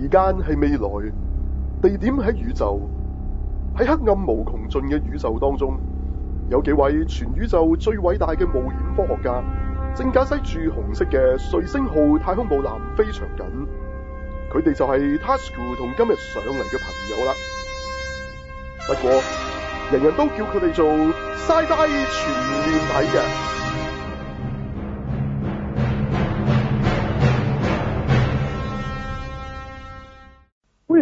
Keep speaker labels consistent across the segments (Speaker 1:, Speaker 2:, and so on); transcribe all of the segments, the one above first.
Speaker 1: 時間係未來，地點喺宇宙，喺黑暗無窮盡嘅宇宙當中，有幾位全宇宙最偉大嘅冒險科學家，正駕駛住紅色嘅瑞星號太空母艦非常緊。佢哋就係 Tasuku 同今日上嚟嘅朋友啦。不過，人人都叫佢哋做 Sci-Fi 全面睇嘅。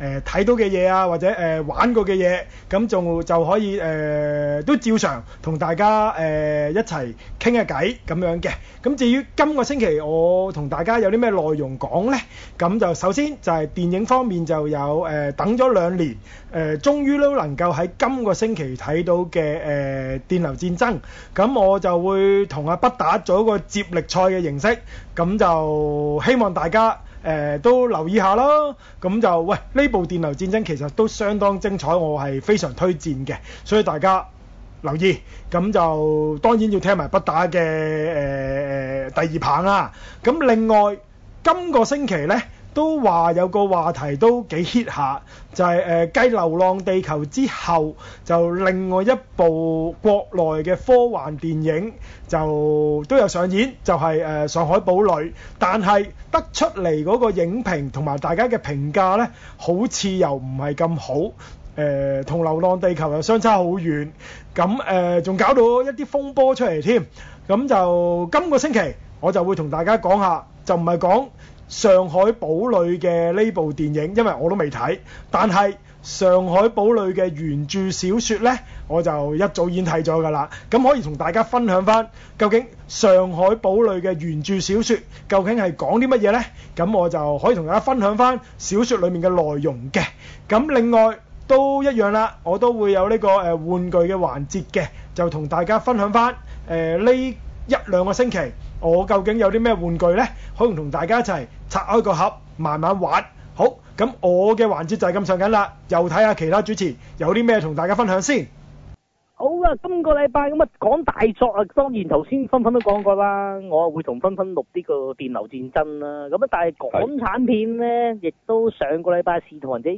Speaker 2: 誒睇到嘅嘢啊，或者誒玩過嘅嘢，咁仲就可以誒都照常同大家誒一齊傾下偈咁樣嘅。咁至於今個星期我同大家有啲咩內容講咧？咁就首先就係電影方面就有誒等咗兩年誒，終於都能夠喺今個星期睇到嘅誒電流戰爭。咁我就會同阿不打咗個接力賽嘅形式，咁就希望大家～呃、都留意下咯，咁就喂呢部電流戰爭其實都相當精彩，我係非常推薦嘅，所以大家留意。咁就當然要聽埋不打嘅誒、呃、第二棒啦、啊。咁另外今、這個星期呢。都話有個話題都幾 hit 下，就係誒《繼流浪地球》之後，就另外一部國內嘅科幻電影就都有上演，就係誒《上海堡壘》，但係得出嚟嗰個影評同埋大家嘅評價呢，好似又唔係咁好，誒同《流浪地球》又相差好遠，咁誒仲搞到一啲風波出嚟添，咁就今個星期我就會同大家講下，就唔係講。上海堡壘嘅呢部電影，因為我都未睇，但係上海堡壘嘅原著小說咧，我就一早已經睇咗噶啦。咁可以同大家分享翻，究竟上海堡壘嘅原著小說究竟係講啲乜嘢咧？咁我就可以同大家分享翻小說裏面嘅內容嘅。咁另外都一樣啦，我都會有呢、呢個誒、呃、玩具嘅環節嘅，就同大家分享翻。誒、呃、呢一兩個星期我究竟有啲咩玩具咧？可以同大家一齊。拆開個盒，慢慢玩。好，咁我嘅環節就係咁上緊啦。又睇下其他主持，有啲咩同大家分享先？好啦，今個禮拜咁啊講大作啊，當然頭先芬芬都講過啦，我啊會同芬芬
Speaker 3: 錄呢個電流戰爭啦。咁啊但係港產片呢，是亦都上個禮拜錯《使徒行者2》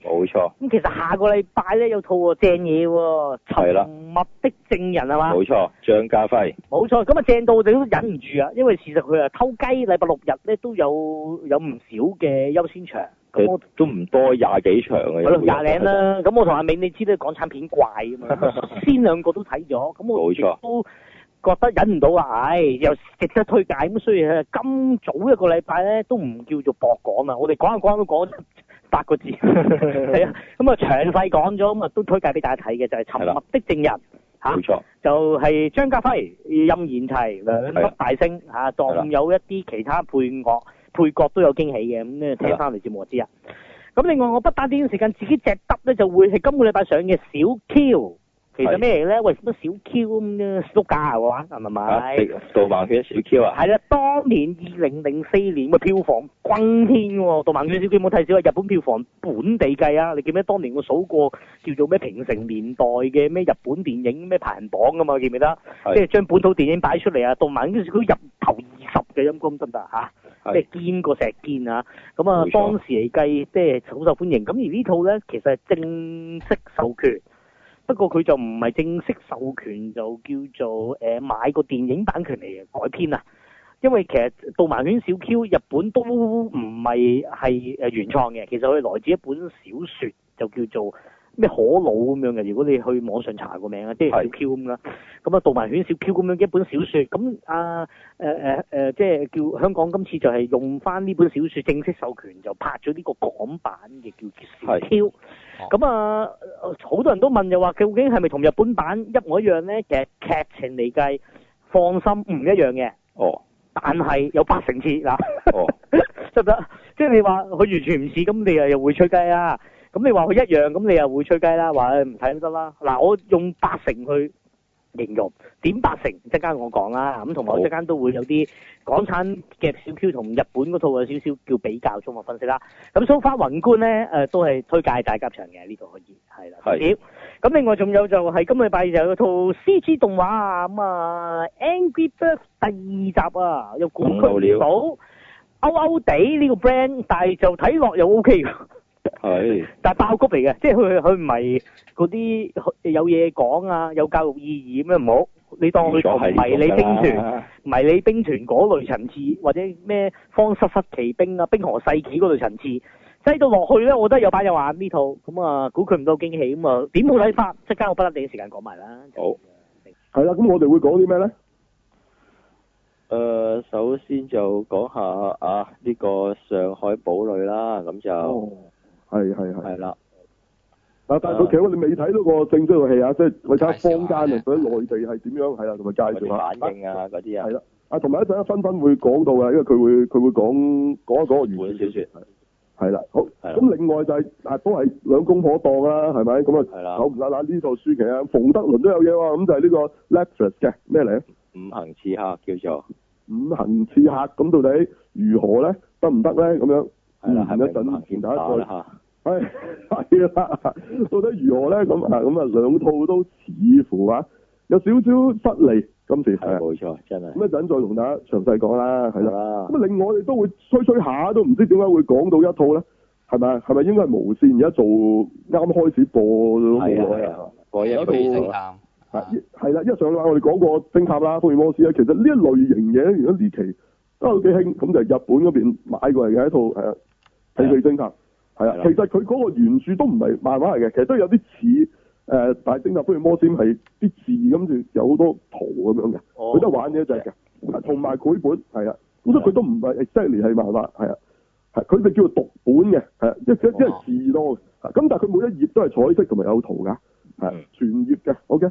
Speaker 3: 冇錯。咁其實下個禮拜呢，有套正嘢喎，《沉默的證人》係嘛？冇
Speaker 4: 錯的，張吧家輝。
Speaker 3: 冇錯，咁啊正到我哋都忍唔住啊，因為事實佢啊偷雞禮拜六日呢，都有有唔少嘅優先場。啊、
Speaker 2: 都唔、嗯、多廿幾場嘅，廿零啦。
Speaker 3: 咁我同阿銘，你知咧，港產片怪㗎嘛。 先兩個都睇咗，咁我都覺得忍唔到啊！唉、哎，又值得推介咁，所以今早一個禮拜咧都唔叫做博講啊。我哋講一講都講八個字，係 啊。咁啊，詳細講咗，咁啊都推介俾大家睇嘅就係、是《沉默的證人》冇錯，就係張家輝、任賢齊兩粒大星嚇，仲、啊、有一啲其他配樂。配角都有驚喜嘅，咁咧聽翻嚟，節目我知啊。咁的另外我不打電影時間自己只得咧就會係今個禮拜上嘅小 Q。
Speaker 2: 其實咩嚟
Speaker 3: 咧？為乜的小 Q 咁啫？碌架係嘛？係咪？啊！導
Speaker 4: 盲犬小 Q
Speaker 3: 啊？係啦，當年二零零四年嘅票房轟天喎，導盲犬小 Q 冇睇少啊？的日本票房本地計啊？你記唔記得當年我數過叫做咩平成年代嘅咩日本電影咩排行榜噶、啊、嘛？記唔記得？即係將本土電影擺出嚟啊！導盲犬小 Q 入頭二十嘅陰功得唔得啊？即係堅過石堅啊！咁啊錯，當時嚟計，即係好受歡迎。咁而呢套呢，其實係正式授權，不過佢就唔係正式授權，就叫做誒、呃、買個電影版權嚟改編啊。因為其實《導盲犬小 Q》日本都唔係係原創嘅，其實佢來自一本小説，就叫做，咩可魯咁樣嘅？如果你去網上查個名啊，即係小 Q 咁啦。咁啊是，導盲犬小 Q 咁樣嘅一本小說。咁啊，誒誒誒，即係叫香港今次就係用翻呢本小說正式授權，就拍咗呢個港版嘅叫小 Q。咁啊，好、啊、多人都問，又話究竟係咪同日本版一模一樣咧？其實劇情嚟計，放心唔一樣嘅。哦。但係有八成似，嗱。哦。得唔得？即係你話佢完全唔似，咁你又又會出雞啊？咁你話佢一樣，咁你又會吹雞啦？話唔睇得啦。嗱，我用八成去形容，點八成即陣我講啦。咁同埋我即陣都會有啲港產嘅小 Q 同日本嗰套有少少叫比較綜合分析啦。咁 So far，宏觀咧，誒、呃、都係推介大劇場嘅呢度可以係啦。係。咁的另外仲有就係、是、今個禮拜就有套 C G 動畫、嗯、啊，咁啊 Angry Bird 第二集啊，又管巨佬，歐歐地呢個 brand，但係就睇落又 O K 噶。係，是但係爆谷嚟嘅，即係佢佢唔係嗰啲有嘢講啊，有教育意義咩唔好，你當佢唔係迷你兵團，迷你兵團嗰類層次，或者咩荒失失奇兵啊，冰河世紀嗰類層次，低到落去咧，我都係有板有眼呢套咁啊，估佢唔到驚喜咁啊，點好睇法，即刻我不打嘅時間講埋啦。
Speaker 1: 好，係啦，咁我哋會講啲咩咧？
Speaker 3: 誒、呃，首
Speaker 1: 先就講下啊呢、呢個上海堡壘啦，咁就。嗯係係係係啦！啊，但係佢其實我哋未睇到個正式套戲啊，即係我睇下坊間啊，佢喺內地係點樣？係啊，同埋介紹下反應啊，嗰啲啊，係咯啊，同埋一陣一分分會講到嘅，因為佢會佢會講講一講個原著小説係啦，好。咁另外就係啊，都係兩公婆檔啦，係咪咁啊？係啦，好啦啦，呢套書其實馮德倫都有嘢喎，咁就係呢個《Lepre》嘅咩嚟？
Speaker 2: 五行刺客叫做五
Speaker 1: 行刺客，咁到底如何咧？得唔得咧？咁樣，係係咪？一陣大家再嚇。係係啦，到底如何咧？咁啊咁啊，兩套都似乎啊有少少失利。咁其實係冇錯，真係。咁一陣再同大家詳細講啦，係啦。咁啊，另外我哋都會吹吹下，都唔知點解會講到一套咧？係咪啊？係咪應該係無綫而家做啱開始播都冇啊？嗰一套係係啦，一上禮拜我哋講過偵探啦，福爾摩斯咧。其實呢一類型嘢，如果時期都幾興。咁就日本嗰邊買過嚟嘅一套，係啊，睇佢偵探。係啊，其實佢嗰個原著都唔係漫畫嚟嘅，其實都有啲似誒《大偵探福爾摩斯》係啲字咁，就有好多圖咁樣嘅，佢都玩嘅一隻嘅，同埋繪本係啊，咁的所以佢都唔係真係係漫畫，係啊，係佢哋叫做讀本嘅，係即係即係字多，咁但係佢每一頁都係彩色同埋有圖㗎，係全頁嘅，OK，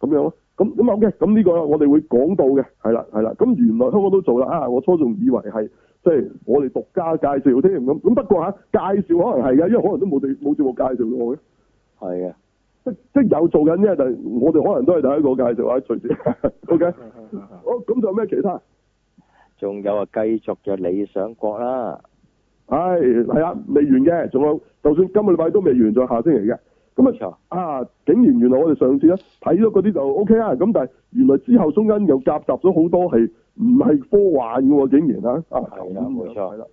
Speaker 1: 咁樣咯，咁、嗯、咁 OK，咁呢個我哋會講到嘅，係啦係啦，咁原來香港都做啦，啊，我初仲以為係。即係我哋獨家介紹添咁，咁不過吓、啊、介紹可能係噶，因為可能都冇地冇做過介紹過嘅。係啊的，即即有做緊，因為就我哋可能都係第一個介紹啊，隨時。O K，好，咁仲有咩其他？
Speaker 4: 仲
Speaker 1: 有啊，繼續嘅理想國啦。唉、哎，係啊，未完嘅，仲有，就算今個禮拜都未完，仲下星期嘅。咁啊，錯啊，竟然原來我哋上次咧睇咗嗰啲就 O K 啊，咁但係原來之後中間又夾雜咗好多係。唔係科幻嘅喎，竟然啊啊係啦，冇錯係啦，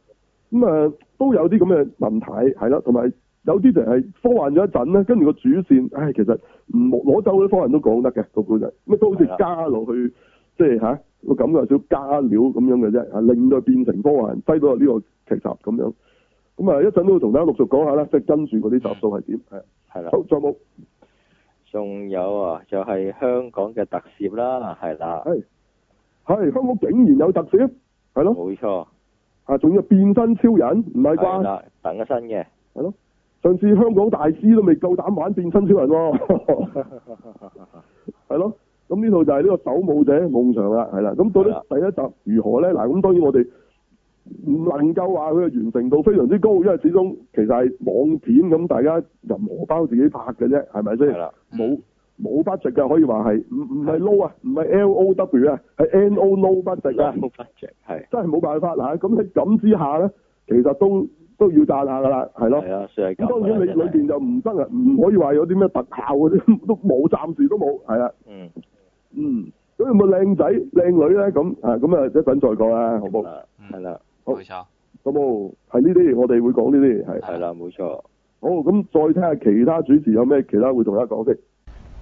Speaker 1: 咁啊錯、嗯嗯、都有啲咁嘅問題係啦，同、嗯、埋有啲就係科幻咗一陣咧，跟住個主線，唉、哎，其實唔攞走嗰啲科幻都講得嘅，嗰本嘢咩都好似加落去，即係吓個感覺少加料咁樣嘅啫，啊，令到變成科幻低到呢個劇集咁樣，咁啊一陣都會同大家陸續講下啦，即係跟住嗰啲集數係點係係啦，嗯嗯嗯、好仲有，
Speaker 4: 仲有啊，就係、是、
Speaker 1: 香港嘅特攝啦，係啦。係香港竟然有特攝，係咯？冇錯錯，啊，仲要變身超人，唔係啩？
Speaker 2: 等個新嘅，
Speaker 1: 係咯。上次香港大師都未夠膽玩變身超人喎、哦，係 咯。咁呢度就係呢個守武者夢翔啦，係啦。咁到底第一集如何咧？嗱，咁當然我哋唔能夠話佢嘅完成度非常之高，因為始終其實係網片咁，大家任荷包自己拍嘅啫，係咪先？係啦的，冇、嗯。冇 budget 嘅，可以話係唔唔係 low 啊，唔係 low 啊，係 no no budget 啊，係真係冇辦法嗱。咁喺咁之下咧，其實都都要賺下噶啦，係咯。係啊，當然你裏邊就唔得啊，唔可以話有啲咩特效嗰啲都冇，暫時都冇，係啦。嗯嗯，咁有冇靚仔靚女咧？咁啊咁啊，一陣再講啦，好冇？係啦，冇錯，好冇？係呢啲我哋會講呢啲係。係啦，冇錯。好，咁再睇下其他主持有咩其他會同大家講先。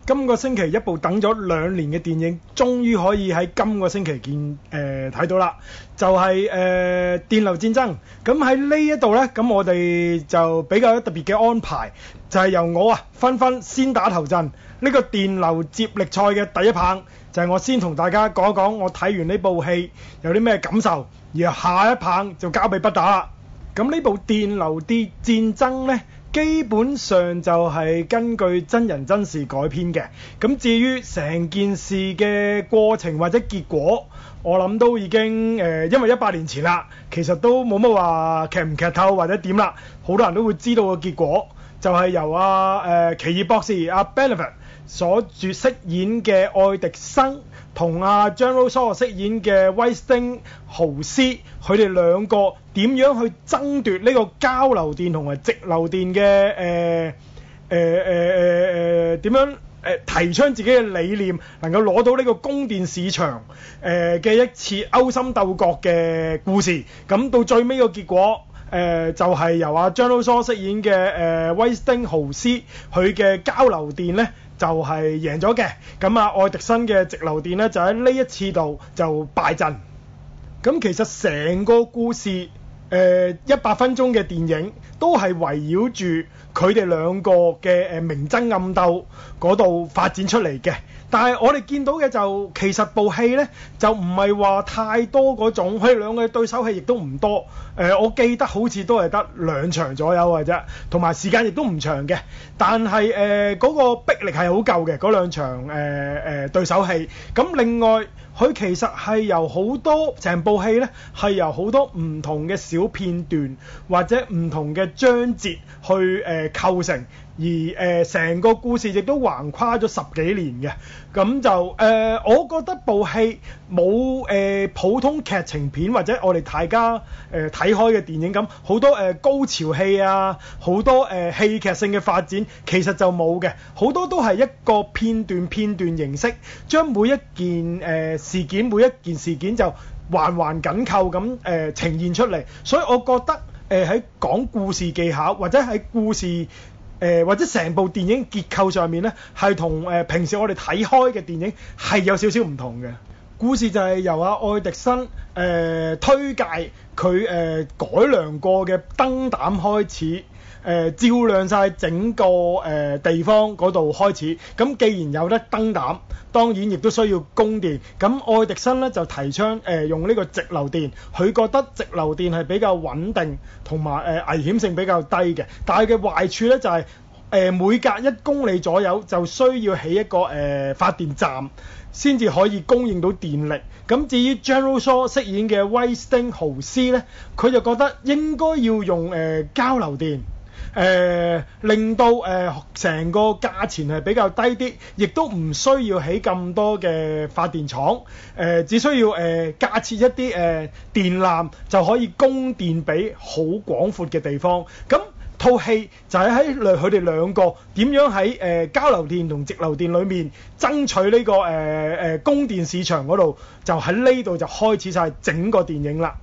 Speaker 2: 今個星期一部等咗兩年嘅電影，終於可以喺今個星期見誒睇、呃、到啦。就係、是、誒、呃、電流戰爭。咁喺呢一度呢，咁我哋就比較特別嘅安排，就係、是、由我啊分分先打頭陣。呢、這個電流接力賽嘅第一棒，就係、是、我先同大家講一講我睇完呢部戲有啲咩感受。而下一棒就交俾不打啦。咁呢部電流啲戰爭呢。基本上就係根據真人真事改編嘅，咁至於成件事嘅過程或者結果，我諗都已經誒、呃、因為一百年前啦，其實都冇乜話劇唔劇透或者點啦，好多人都會知道個結果，就係、是、由啊誒、呃、奇異博士阿、啊、Benedict 所住飾演嘅愛迪生。同阿 General Shaw 飾演嘅威斯丁豪斯，佢哋兩個點樣去爭奪呢個交流電同埋直流電嘅誒誒誒誒誒點樣誒、呃、提倡自己嘅理念，能夠攞到呢個供電市場誒嘅、呃、一次勾心鬥角嘅故事。咁到最尾個結果誒、呃、就係、是、由阿 General Shaw 飾演嘅誒威斯丁豪斯，佢嘅交流電咧。就係贏咗嘅，咁、嗯、啊愛迪生嘅直流電咧就喺呢一次度就敗陣。咁、嗯、其實成個故事誒一百分鐘嘅電影都係圍繞住佢哋兩個嘅誒、呃、明爭暗鬥嗰度發展出嚟嘅。但係我哋見到嘅就其實部戲呢，就唔係話太多嗰種，佢兩個對手戲亦都唔多。誒、呃，我記得好似都係得兩場左右嘅啫，同埋時間亦都唔長嘅。但係誒嗰個迫力係好夠嘅，嗰兩場誒誒、呃呃、對手戲。咁、嗯、另外佢其實係由好多成部戲呢，係由好多唔同嘅小片段或者唔同嘅章節去誒、呃、構成。而誒成、呃、個故事亦都橫跨咗十幾年嘅，咁就誒、呃、我覺得部戲冇誒普通劇情片或者我哋大家誒睇、呃、開嘅電影咁，好多誒、呃、高潮戲啊，好多誒戲劇性嘅發展，其實就冇嘅，好多都係一個片段片段形式，將每一件誒、呃、事件每一件事件就環環緊扣咁誒、呃呃、呈現出嚟，所以我覺得誒喺講故事技巧或者喺故事。誒，或者成部電影結構上面咧，係同誒、呃、平時我哋睇開嘅電影係有少少唔同嘅。故事就係由阿、啊、愛迪生誒、呃、推介佢誒、呃、改良過嘅燈膽開始。誒、呃、照亮晒整個誒、呃、地方嗰度開始，咁、嗯、既然有得燈膽，當然亦都需要供電。咁、嗯、愛迪生咧就提倡誒、呃、用呢個直流電，佢覺得直流電係比較穩定同埋誒危險性比較低嘅。但係嘅壞處咧就係、是、誒、呃、每隔一公里左右就需要起一個誒、呃、發電站，先至可以供應到電力。咁、嗯、至於 General Shaw 飾演嘅威斯汀豪斯咧，佢就覺得應該要用誒、呃呃、交流電。誒、呃、令到誒成、呃、個價錢係比較低啲，亦都唔需要起咁多嘅發電廠，誒、呃、只需要誒、呃、架設一啲誒、呃、電纜就可以供電俾好廣闊嘅地方。咁套戲就係喺佢哋兩個點樣喺誒、呃、交流電同直流電裡面爭取呢、這個誒誒、呃呃、供電市場嗰度，就喺呢度就開始晒整個電影啦。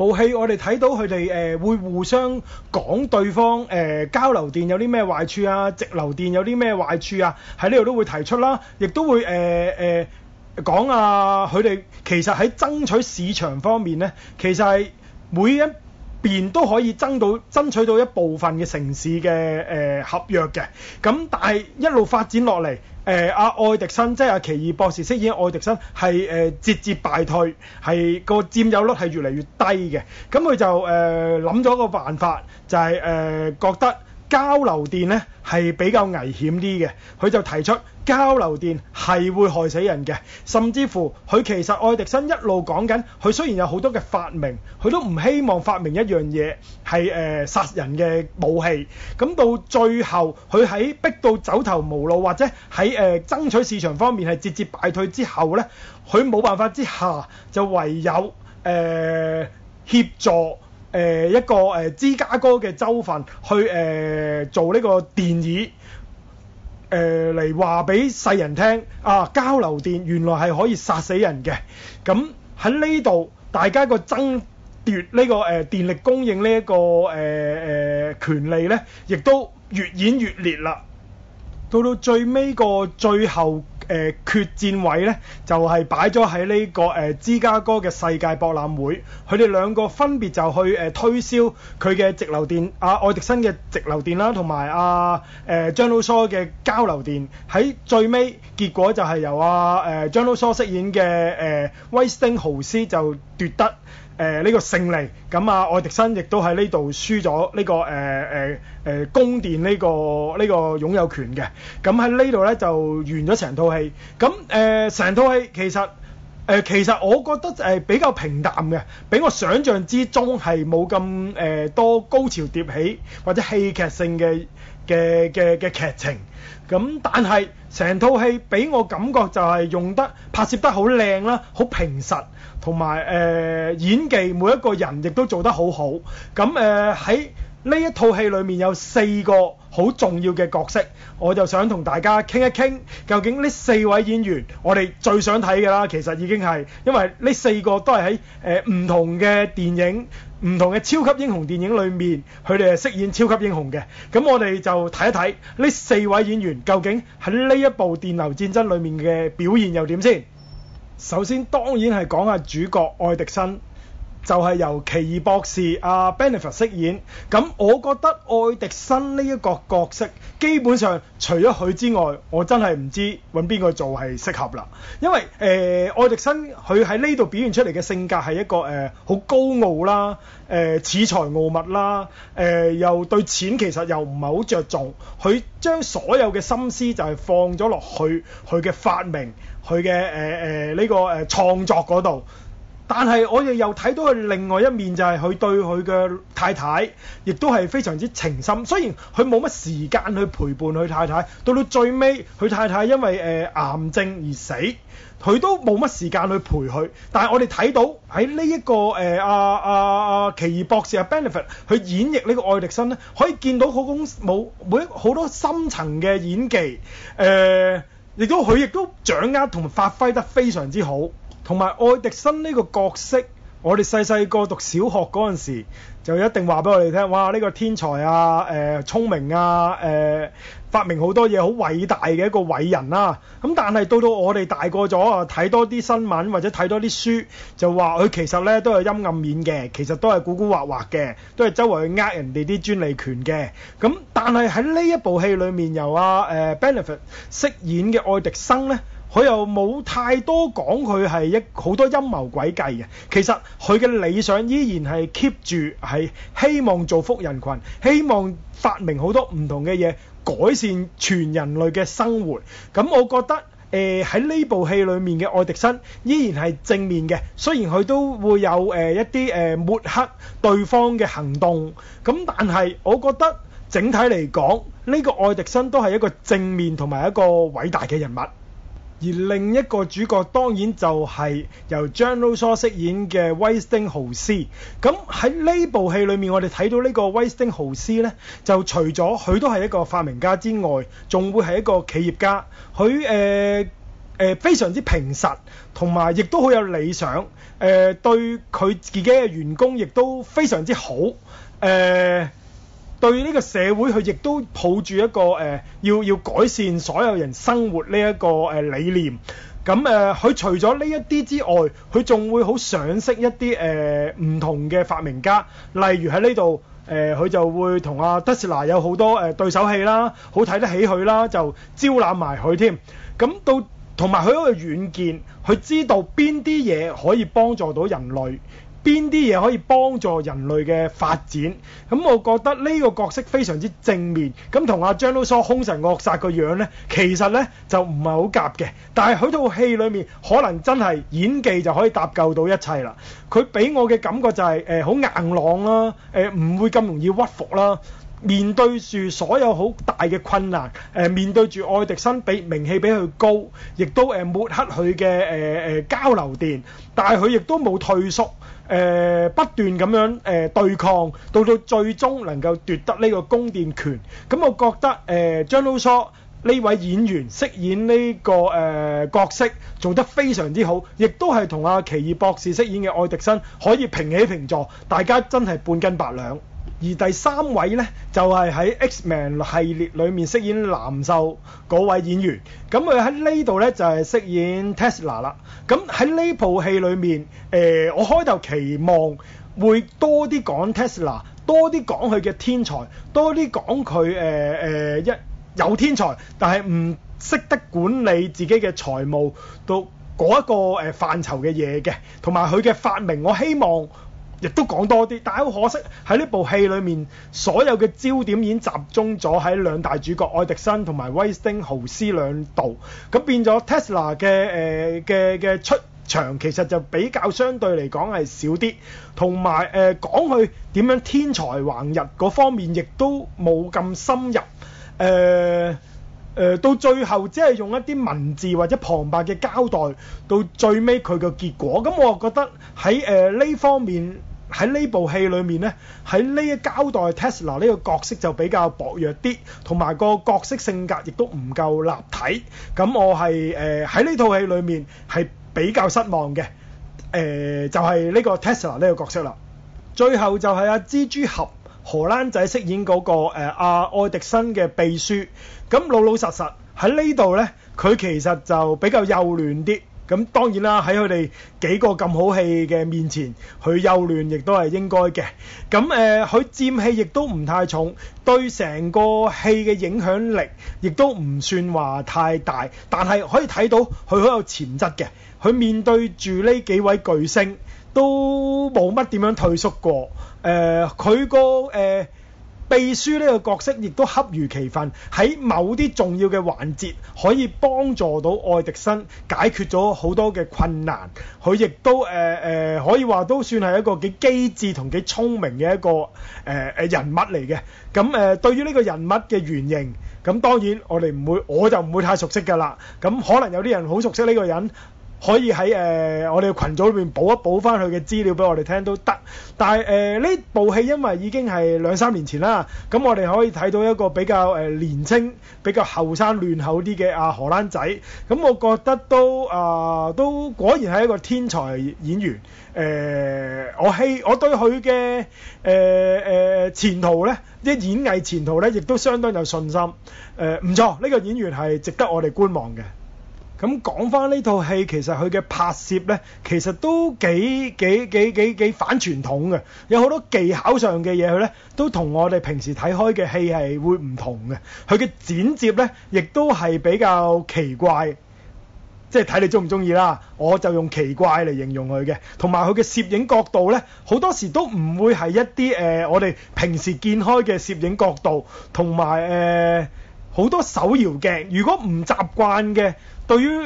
Speaker 2: 部戲，我哋睇到佢哋誒會互相講對方誒、呃、交流電有啲咩壞處啊，直流電有啲咩壞處啊，喺呢度都會提出啦，亦都會誒誒講啊，佢哋其實喺爭取市場方面咧，其實係每一邊都可以爭到爭取到一部分嘅城市嘅誒、呃、合約嘅，咁但係一路發展落嚟，誒、呃、阿愛迪生即係阿奇異博士飾演愛迪生係誒、呃、節節敗退，係個佔有率係越嚟越低嘅，咁佢就誒諗咗個辦法，就係、是、誒、呃、覺得。交流電呢係比較危險啲嘅，佢就提出交流電係會害死人嘅，甚至乎佢其實愛迪生一路講緊，佢雖然有好多嘅發明，佢都唔希望發明一樣嘢係誒殺人嘅武器。咁到最後，佢喺逼到走投無路，或者喺誒、呃、爭取市場方面係節節敗退之後呢，佢冇辦法之下就唯有誒協、呃、助。誒一個誒芝加哥嘅州份去誒、呃、做呢個電椅，誒嚟話俾世人聽啊，交流電原來係可以殺死人嘅。咁喺呢度，大家個爭奪呢、呢個誒、呃、電力供應呢、呢、一個誒誒、呃呃、權利呢，亦都越演越烈啦。到到最尾個最後個。最後誒、呃、決戰位咧，就係擺咗喺呢個誒、呃、芝加哥嘅世界博覽會。佢哋兩個分別就去誒、呃、推銷佢嘅直流電，阿、啊、愛迪生嘅直流電啦，同埋阿誒張老梭嘅交流電。喺最尾，結果就係由阿誒張老梭飾演嘅誒、呃、威斯汀豪斯就奪得。誒，呢、呃，呢個勝利，咁啊愛迪生亦都喺呢度輸咗呢、呢個誒誒誒，供電呢個呢、呢個擁有權嘅，咁、嗯、喺呢度咧就完咗成套戲。咁、嗯、誒，成、呃、套戲其實。誒、呃、其實我覺得誒比較平淡嘅，比我想像之中係冇咁誒多高潮迭起或者戲劇性嘅嘅嘅嘅劇情。咁、嗯、但係成套戲俾我感覺就係用得拍攝得好靚啦，好平實，同埋誒演技每一個人亦都做得好好。咁誒喺呢一套戲裏面有四個好重要嘅角色，我就想同大家傾一傾，究竟呢四位演員我哋最想睇嘅啦，其實已經係因為呢四個都係喺誒唔同嘅電影、唔同嘅超級英雄電影裏面，佢哋係飾演超級英雄嘅。咁我哋就睇一睇呢四位演員究竟喺呢一部電流戰爭裏面嘅表現又點先。首先，當然係講下主角愛迪生。就係由奇異博士阿、啊、Benefer 飾演，咁我覺得愛迪生呢一個角色，基本上除咗佢之外，我真係唔知揾邊個做係適合啦。因為誒、呃、愛迪生佢喺呢度表現出嚟嘅性格係一個誒好、呃、高傲啦，誒恃才傲物啦，誒、呃、又對錢其實又唔係好着重。佢將所有嘅心思就係放咗落去佢嘅發明、佢嘅誒誒呢個誒、呃、創作嗰度。但係我哋又睇到佢另外一面，就係佢對佢嘅太太，亦都係非常之情深。雖然佢冇乜時間去陪伴佢太太，到到最尾佢太太因為誒、呃、癌症而死，佢都冇乜時間去陪佢。但係我哋睇到喺呢一個誒阿阿奇異博士嘅、啊、Benefit 去演繹呢個愛迪生咧，可以見到嗰種冇每好多深層嘅演技，誒、呃、亦都佢亦都掌握同發揮得非常之好。同埋愛迪生呢個角色，我哋細細個讀小學嗰陣時，就一定話俾我哋聽，哇！呢個天才啊，誒聰明啊，誒發明好多嘢，好偉大嘅一個偉人啦。咁但係到到我哋大個咗啊，睇多啲新聞或者睇多啲書，就話佢其實咧都係陰暗面嘅，其實都係古古惑惑嘅，都係周圍去呃人哋啲專利權嘅。咁但係喺呢一部戲裡面，由啊誒 Benefit 飾演嘅愛迪生呢。佢又冇太多講，佢係一好多陰謀詭計嘅。其實佢嘅理想依然係 keep 住係希望造福人群，希望發明好多唔同嘅嘢，改善全人類嘅生活。咁、嗯、我覺得誒喺呢部戲裡面嘅愛迪生依然係正面嘅，雖然佢都會有誒、呃、一啲誒、呃、抹黑對方嘅行動。咁、嗯、但係我覺得整體嚟講，呢、呢個愛迪生都係一個正面同埋一個偉大嘅人物。而另一個主角當然就係由 Juno Shaw 飾演嘅威斯汀豪斯。咁喺呢部戲裏面，我哋睇到呢個威斯汀豪斯呢，就除咗佢都係一個發明家之外，仲會係一個企業家。佢誒誒非常之平實，同埋亦都好有理想。誒、呃、對佢自己嘅員工亦都非常之好。誒、呃。對呢個社會，佢亦都抱住一個誒、呃，要要改善所有人生活呢、這、一個誒、呃、理念。咁、嗯、誒，佢、呃、除咗呢一啲之外，佢仲會好賞識一啲誒唔同嘅發明家，例如喺呢度誒，佢、呃、就會同阿特斯拉有好多誒、呃、對手戲啦，好睇得起佢啦，就招攬埋佢添。咁、嗯、到同埋佢一個遠見，佢知道邊啲嘢可以幫助到人類。邊啲嘢可以幫助人類嘅發展？咁我覺得呢個角色非常之正面。咁同阿 j a n e 兇神惡煞個樣呢，其實呢就唔係好夾嘅。但係佢套戲裏面，可能真係演技就可以搭救到一切啦。佢俾我嘅感覺就係誒好硬朗啦，誒、呃、唔會咁容易屈服啦。面對住所有好大嘅困難，誒、呃、面對住愛迪生比名氣比佢高，亦都誒抹黑佢嘅誒誒交流電，但係佢亦都冇退縮。誒、呃、不斷咁樣誒、呃、對抗，到到最終能夠奪得呢個供電權。咁、嗯、我覺得誒張魯超呢位演員飾演呢、這個誒、呃、角色做得非常之好，亦都係同阿奇異博士飾演嘅愛迪生可以平起平坐，大家真係半斤八兩。而第三位呢，就係、是、喺 X-Men 系列裏面飾演藍獸嗰位演員。咁佢喺呢度呢，就係、是、飾演 Tesla 啦。咁喺呢部戲裏面，誒、呃，我開頭期望會多啲講 Tesla，多啲講佢嘅天才，多啲講佢誒誒一有天才，但係唔識得管理自己嘅財務到嗰一個誒範疇嘅嘢嘅，同埋佢嘅發明，我希望。亦都講多啲，但係好可惜喺呢部戲裏面，所有嘅焦點已經集中咗喺兩大主角愛迪生同埋威斯汀豪斯兩度，咁變咗 Tesla 嘅誒嘅、呃、嘅出場其實就比較相對嚟講係少啲，同埋誒講佢點樣天才橫溢嗰方面亦都冇咁深入，誒、呃、誒、呃、到最後只係用一啲文字或者旁白嘅交代到最尾佢嘅結果，咁我覺得喺誒呢方面。喺呢部戲裏面呢，喺呢一交代 Tesla 呢個角色就比較薄弱啲，同埋個角色性格亦都唔夠立體。咁我係誒喺呢套戲裏面係比較失望嘅，誒、呃、就係、是、呢個 Tesla 呢個角色啦。最後就係阿、啊、蜘蛛俠荷蘭仔飾演嗰、那個誒阿、呃啊、愛迪生嘅秘書，咁老老實實，喺呢度咧，佢其實就比較幼嫩啲。咁當然啦，喺佢哋幾個咁好戲嘅面前，佢幼嫩亦都係應該嘅。咁誒，佢佔戲亦都唔太重，對成個戲嘅影響力亦都唔算話太大。但係可以睇到佢好有潛質嘅。佢面對住呢幾位巨星都冇乜點樣退縮過。誒，佢個誒。秘書呢個角色亦都恰如其分，喺某啲重要嘅環節可以幫助到愛迪生解決咗好多嘅困難。佢亦都誒誒、呃呃、可以話都算係一個幾機智同幾聰明嘅一個誒誒、呃、人物嚟嘅。咁、嗯、誒、呃、對於呢個人物嘅原型，咁、嗯、當然我哋唔會，我就唔會太熟悉㗎啦。咁、嗯、可能有啲人好熟悉呢個人。可以喺誒、呃、我哋嘅群組裏邊補一補翻佢嘅資料俾我哋聽都得，但係誒呢部戲因為已經係兩三年前啦，咁、嗯、我哋可以睇到一個比較誒、呃、年青、比較後生、嫩口啲嘅阿荷蘭仔，咁、嗯、我覺得都啊、呃、都果然係一個天才演員，誒、呃、我希我對佢嘅誒誒前途呢，即演藝前途呢，亦都相當有信心，誒、呃、唔錯，呢、這個演員係值得我哋觀望嘅。咁講翻呢套戲，其實佢嘅拍攝呢，其實都幾幾幾幾反傳統嘅，有好多技巧上嘅嘢呢都同我哋平時睇開嘅戲係會唔同嘅。佢嘅剪接呢，亦都係比較奇怪，即係睇你中唔中意啦。我就用奇怪嚟形容佢嘅，同埋佢嘅攝影角度呢，好多時都唔會係一啲誒、呃、我哋平時見開嘅攝影角度，同埋誒好多手搖鏡。如果唔習慣嘅，對於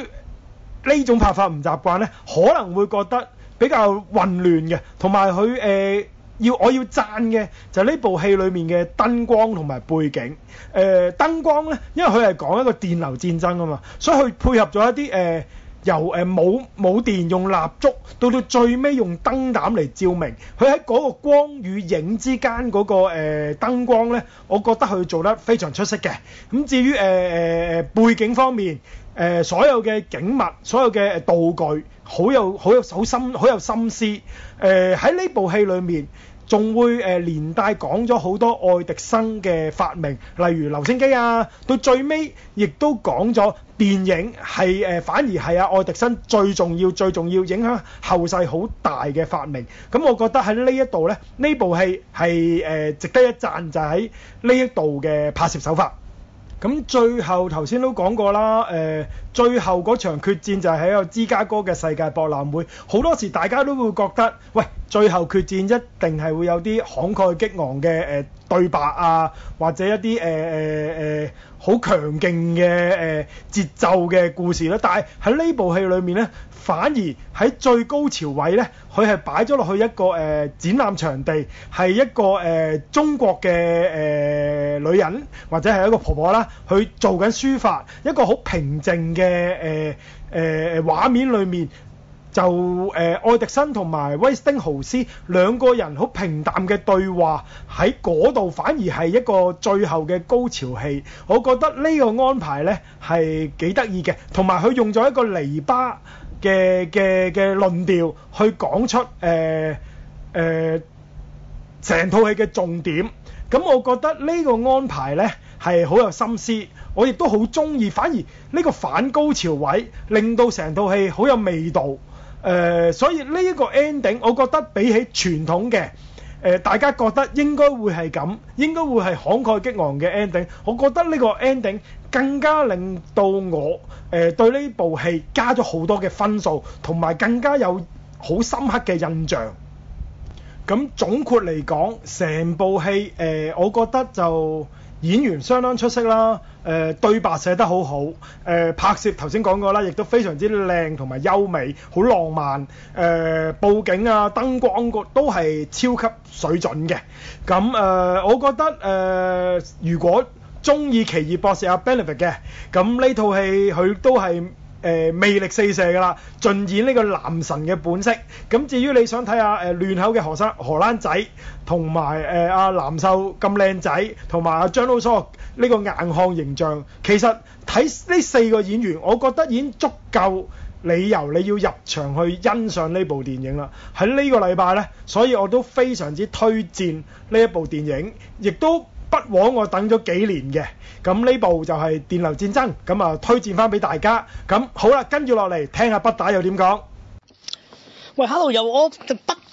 Speaker 2: 呢種拍法唔習慣呢，可能會覺得比較混亂嘅，同埋佢誒要我要讚嘅就係、是、呢部戲裏面嘅燈光同埋背景誒燈、呃、光呢，因為佢係講一個電流戰爭啊嘛，所以佢配合咗一啲誒、呃由誒冇冇電用蠟燭，到到最尾用燈膽嚟照明。佢喺嗰個光與影之間嗰、那個誒、呃、燈光呢，我覺得佢做得非常出色嘅。咁、嗯、至於誒誒、呃、背景方面，誒、呃、所有嘅景物、所有嘅道具，好有好有好深、好有心思。誒喺呢部戲裡面。仲會誒連帶講咗好多愛迪生嘅發明，例如留聲機啊，到最尾亦都講咗電影係誒，反而係啊愛迪生最重要、最重要影響後世好大嘅發明。咁我覺得喺呢一度呢，呢部戲係誒、呃、值得一讚，就喺呢一度嘅拍攝手法。咁最後頭先都講過啦，誒、呃。最後嗰場決戰就係喺個芝加哥嘅世界博覽會，好多時大家都會覺得，喂，最後決戰一定係會有啲慷慨激昂嘅誒、呃、對白啊，或者一啲誒誒誒好強勁嘅誒節奏嘅故事啦，但係喺呢部戲裏面咧，反而喺最高潮位咧，佢係擺咗落去一個誒、呃、展覽場地，係一個誒、呃、中國嘅誒、呃、女人或者係一個婆婆啦，去做緊書法，一個好平靜嘅。誒誒誒畫面裏面就誒、呃、愛迪生同埋威斯汀豪斯兩個人好平淡嘅對話，喺嗰度反而係一個最後嘅高潮戲，我覺得呢個安排咧係幾得意嘅，同埋佢用咗一個籬巴嘅嘅嘅論調去講出誒誒成套戲嘅重點，咁我覺得呢個安排咧。係好有心思，我亦都好中意。反而呢個反高潮位令到成套戲好有味道。誒、呃，所以呢一個 ending，我覺得比起傳統嘅誒、呃，大家覺得應該會係咁，應該會係慷慨激昂嘅 ending。我覺得呢個 ending 更加令到我誒、呃、對呢部戲加咗好多嘅分數，同埋更加有好深刻嘅印象。咁總括嚟講，成部戲誒、呃，我覺得就～演員相當出色啦，誒、呃、對白寫得好好，誒、呃、拍攝頭先講過啦，亦都非常之靚同埋優美，好浪漫，誒佈景啊、燈光、啊、都係超級水準嘅，咁、嗯、誒、呃、我覺得誒、呃、如果中意奇異博士阿 Benefit 嘅，咁呢、嗯、套戲佢都係。魅力四射㗎啦，盡演呢個男神嘅本色。咁至於你想睇下誒、呃、亂口嘅荷生荷蘭仔，同埋誒阿林秀咁靚仔，同埋阿張老瑤呢個硬漢形象，其實睇呢四個演員，我覺得已經足夠理由你要入場去欣賞呢部電影啦。喺呢個禮拜呢，所以我都非常之推薦呢一部電影，亦都。不枉我等咗幾年嘅，咁呢部就係電流戰爭，咁啊推薦翻俾大家。咁好啦，跟住落嚟聽下不打又點講。
Speaker 3: 喂，Hello，又我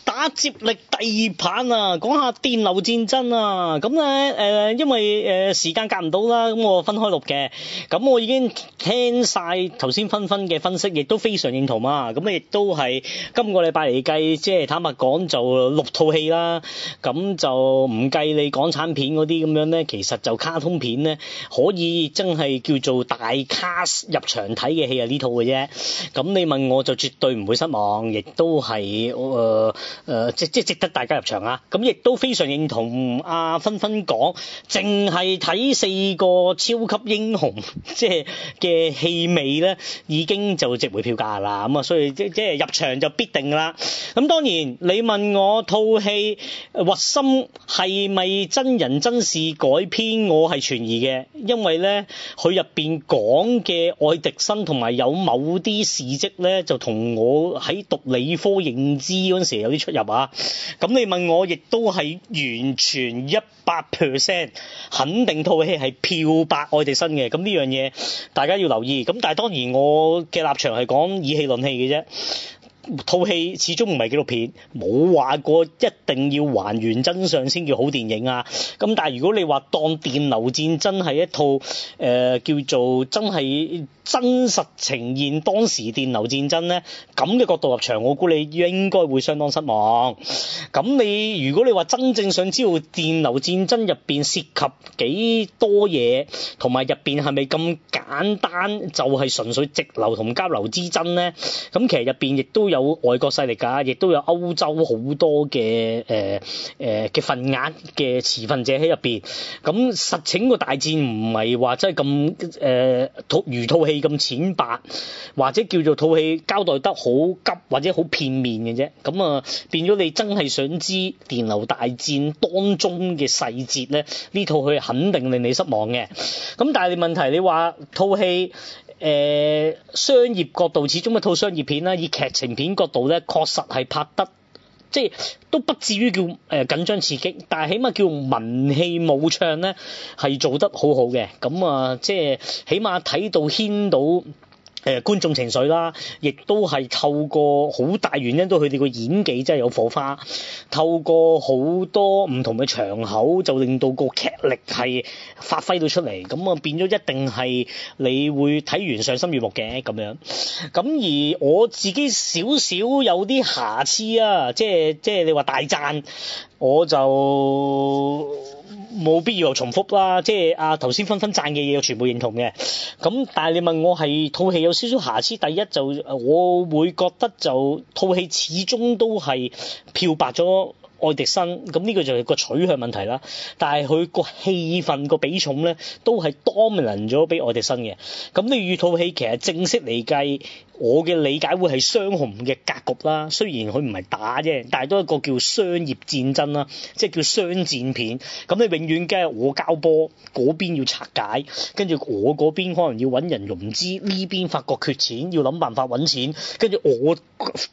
Speaker 3: 打接力第二棒啊！講下電流戰爭啊！咁咧誒，因為誒、呃、時間夾唔到啦，咁我分開錄嘅。咁我已經聽晒頭先分分嘅分析，亦都非常認同啊！咁咧亦都係今個禮拜嚟計，即係坦白講就六套戲啦。咁就唔計你港產片嗰啲咁樣咧，其實就卡通片咧，可以真係叫做大卡入場睇嘅戲啊！呢套嘅啫。咁你問我就絕對唔會失望，亦都係誒。呃誒，即即值得大家入場啊！咁亦都非常認同阿芬芬講，淨係睇四個超級英雄，即係嘅戲味咧，已經就值回票價啦。咁啊，所以即即係入場就必定啦。咁當然你問我套戲核心係咪真人真事改編，我係存疑嘅，因為咧佢入邊講嘅愛迪生同埋有某啲事蹟咧，就同我喺讀理科認知嗰陣時有啲。出入啊！咁你問我，亦都係完全一百 percent 肯定套戲係漂白愛迪生嘅。咁呢樣嘢大家要留意。咁但係當然我嘅立場係講以戲論戲嘅啫。套戲始終唔係紀錄片，冇話過一定要還原真相先叫好電影啊。咁但係如果你話當電流戰真係一套誒、呃、叫做真係。真實呈現當時電流戰爭咧，咁嘅角度入場，我估你應該會相當失望。咁你如果你話真正想知道電流戰爭入邊涉及幾多嘢，同埋入邊係咪咁簡單就係、是、純粹直流同交流之爭咧，咁其實入邊亦都有外國勢力噶、啊、亦都有歐洲好多嘅誒誒嘅份額嘅持份者喺入邊。咁實情個大戰唔係話真係咁誒套如套未咁淺白，或者叫做套戲交代得好急或者好片面嘅啫，咁啊變咗你真係想知電流大戰當中嘅細節咧，呢套戲肯定令你失望嘅。咁但係你問題你，你話套戲誒商業角度始終一套商業片啦，以劇情片角度咧，確實係拍得。即係都不至於叫誒緊張刺激，但係起碼叫文戲武唱咧，係做得好好嘅，咁啊即係起碼睇到牽到。誒、呃、觀眾情緒啦，亦都係透過好大原因，都佢哋個演技真係有火花。透過好多唔同嘅場口，就令到個劇力係發揮到出嚟。咁啊變咗一定係你會睇完賞心悅目嘅咁樣。咁而我自己少少有啲瑕疵啊，即係即係你話大讚，我就。冇必要重複啦，即係阿頭先分分讚嘅嘢，分分我全部認同嘅。咁但係你問我係套戲有少少瑕疵，第一就我會覺得就套戲始終都係漂白咗愛迪生，咁呢個就係個取向問題啦。但係佢個氣氛個比重咧，都係 dominate 咗俾愛迪生嘅。咁你語套戲其實正式嚟計。我嘅理解會係雙雄嘅格局啦，雖然佢唔係打啫，但係都係一個叫商業戰爭啦，即係叫商戰片。咁你永遠梗係我交波嗰邊要拆解，跟住我嗰邊可能要揾人融資，呢邊發覺缺錢要諗辦法揾錢，跟住我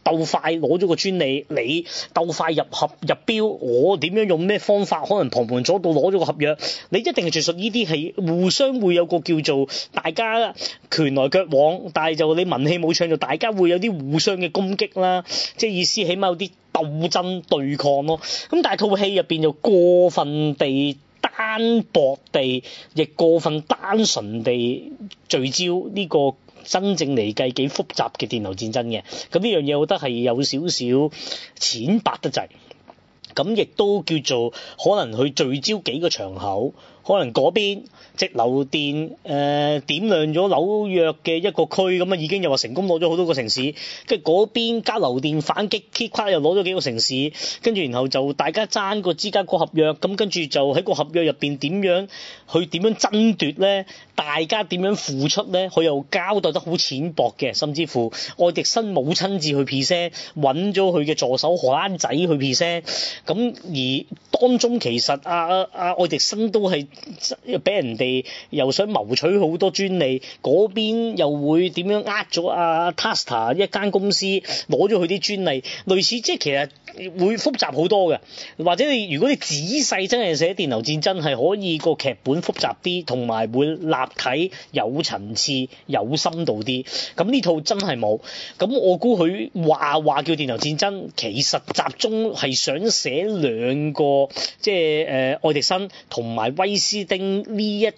Speaker 3: 鬥快攞咗個專利，你鬥快入合入標，我點樣用咩方法可能旁門左道攞咗個合約，你一定係著實呢啲係互相會有個叫做大家拳來腳往，但係就你文氣冇。唱就大家會有啲互相嘅攻擊啦，即係意思起碼有啲鬥爭對抗咯。咁但係套戲入邊就過分地單薄地，亦過分單純地聚焦呢個真正嚟計幾複雜嘅電流戰爭嘅。咁呢樣嘢我覺得係有少少淺白得滯，咁亦都叫做可能去聚焦幾個場口。可能嗰邊直流電誒、呃、點亮咗紐約嘅一個區咁啊，已經又話成功攞咗好多個城市，跟住邊交流電反擊 kick 跨又攞咗幾個城市，跟住然後就大家爭個之間個合約咁，跟住就喺個合約入邊點樣去點樣爭奪咧？大家點樣付出咧？佢又交代得好淺薄嘅，甚至乎愛迪生冇親自去 present，揾咗佢嘅助手荷蘭仔去 present，咁而當中其實阿阿阿愛迪生都係。俾人哋又想謀取好多專利，嗰邊又會點樣呃咗阿 Tesla 一間公司攞咗佢啲專利，類似即係其實會複雜好多嘅。或者你如果你仔細真係寫電流戰爭，係可以個劇本複雜啲，同埋會立體、有層次、有深度啲。咁呢套真係冇。咁我估佢話話叫電流戰爭，其實集中係想寫兩個，即係誒愛迪生同埋威斯丁呢一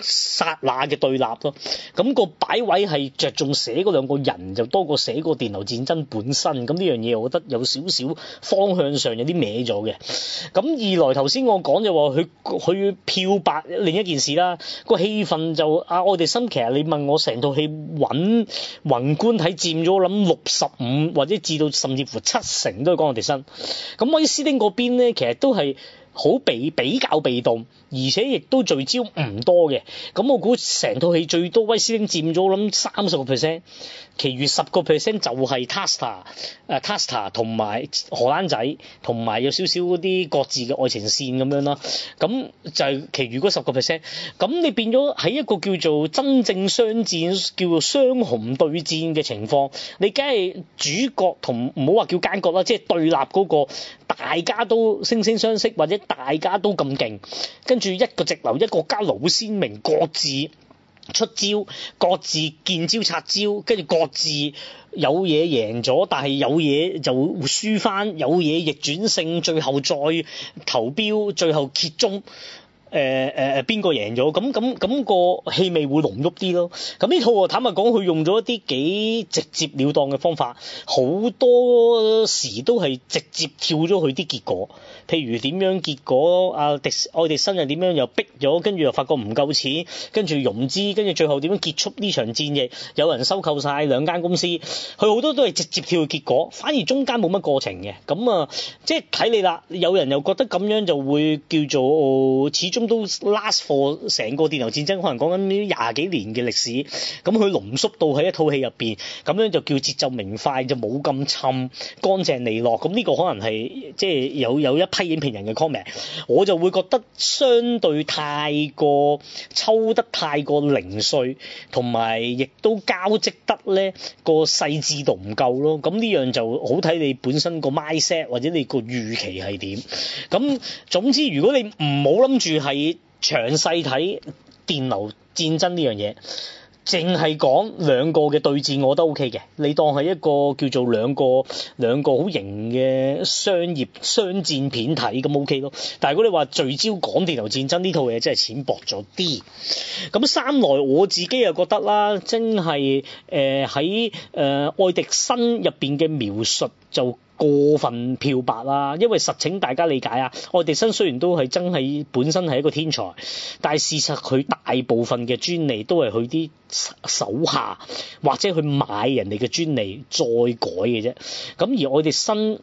Speaker 3: 剎那嘅對立咯，咁個擺位係着重寫嗰兩個人，就多過寫個電流戰爭本身。咁呢樣嘢，我覺得有少少方向上有啲歪咗嘅。咁二來，頭先我講就話佢佢漂白另一件事啦。個氣氛就啊，愛迪生，其實你問我成套戲穩宏觀喺佔咗，諗六十五或者至到甚至乎七成都係講愛迪生。咁威斯丁嗰邊咧，其實都係。好被比，比較被動，而且亦都聚焦唔多嘅，咁我估成套戲最多威斯汀佔咗諗三十個 percent。其餘十個 percent 就係 Tasuku，誒 Tasuku 同埋荷蘭仔，同埋有少少啲各自嘅愛情線咁樣啦。咁就係其餘嗰十個 percent。咁你變咗喺一個叫做真正相戰，叫做雙雄對戰嘅情況，你梗係主角同唔好話叫奸角啦，即係對立嗰個，大家都惺惺相惜或者大家都咁勁，跟住一個直流一個交流鮮明，各自。出招，各自見招拆招，跟住各自有嘢贏咗，但係有嘢就輸翻，有嘢逆轉勝，最後再投標，最後揭盅。誒誒誒，邊個贏咗？咁咁咁個氣味會濃郁啲咯。咁呢套啊，坦白講，佢用咗一啲幾直接了當嘅方法，好多時都係直接跳咗佢啲結果。譬如點樣結果？阿、啊、迪愛迪生又點樣又逼咗，跟住又發覺唔夠錢，跟住融資，跟住最後點樣結束呢場戰役？有人收購晒兩間公司，佢好多都係直接跳嘅結果，反而中間冇乜過程嘅。咁啊，即係睇你啦。有人又覺得咁樣就會叫做、呃、始終。都 last for 成個電流戰爭，可能講緊呢廿幾年嘅歷史，咁佢濃縮到喺一套戲入邊，咁樣就叫節奏明快，就冇咁沉，乾淨利落。咁呢個可能係即係有有一批影評人嘅 comment，我就會覺得相對太過抽得太過零碎，同埋亦都交織得咧個細致度唔夠咯。咁呢樣就好睇你本身個 mindset 或者你個預期係點，咁總之，如果你唔好諗住係。你詳細睇電流戰爭呢樣嘢，淨係講兩個嘅對戰，我覺得 O K 嘅。你當係一個叫做兩個兩個好型嘅商業商戰片睇咁 O K 咯。但係如果你話聚焦講電流戰爭呢套嘢，真係淺薄咗啲。咁三來我自己又覺得啦，真係誒喺誒愛迪生入邊嘅描述就。過分漂白啦、啊，因為實情大家理解啊。愛迪生雖然都係真係本身係一個天才，但係事實佢大部分嘅專利都係佢啲手下或者去買人哋嘅專利再改嘅啫。咁而愛迪生，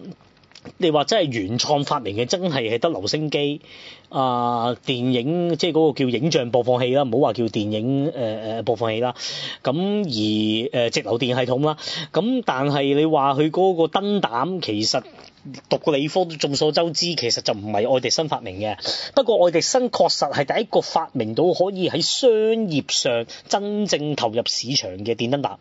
Speaker 3: 你話真係原創發明嘅，真係係得留聲機。啊，電影即係嗰個叫影像播放器啦，唔好話叫電影誒誒、呃、播放器啦。咁而誒、呃、直流電系統啦，咁但係你話佢嗰個燈膽，其實讀過理科都眾所周知，其實就唔係愛迪生發明嘅。不過愛迪生確實係第一個發明到可以喺商業上真正投入市場嘅電燈膽。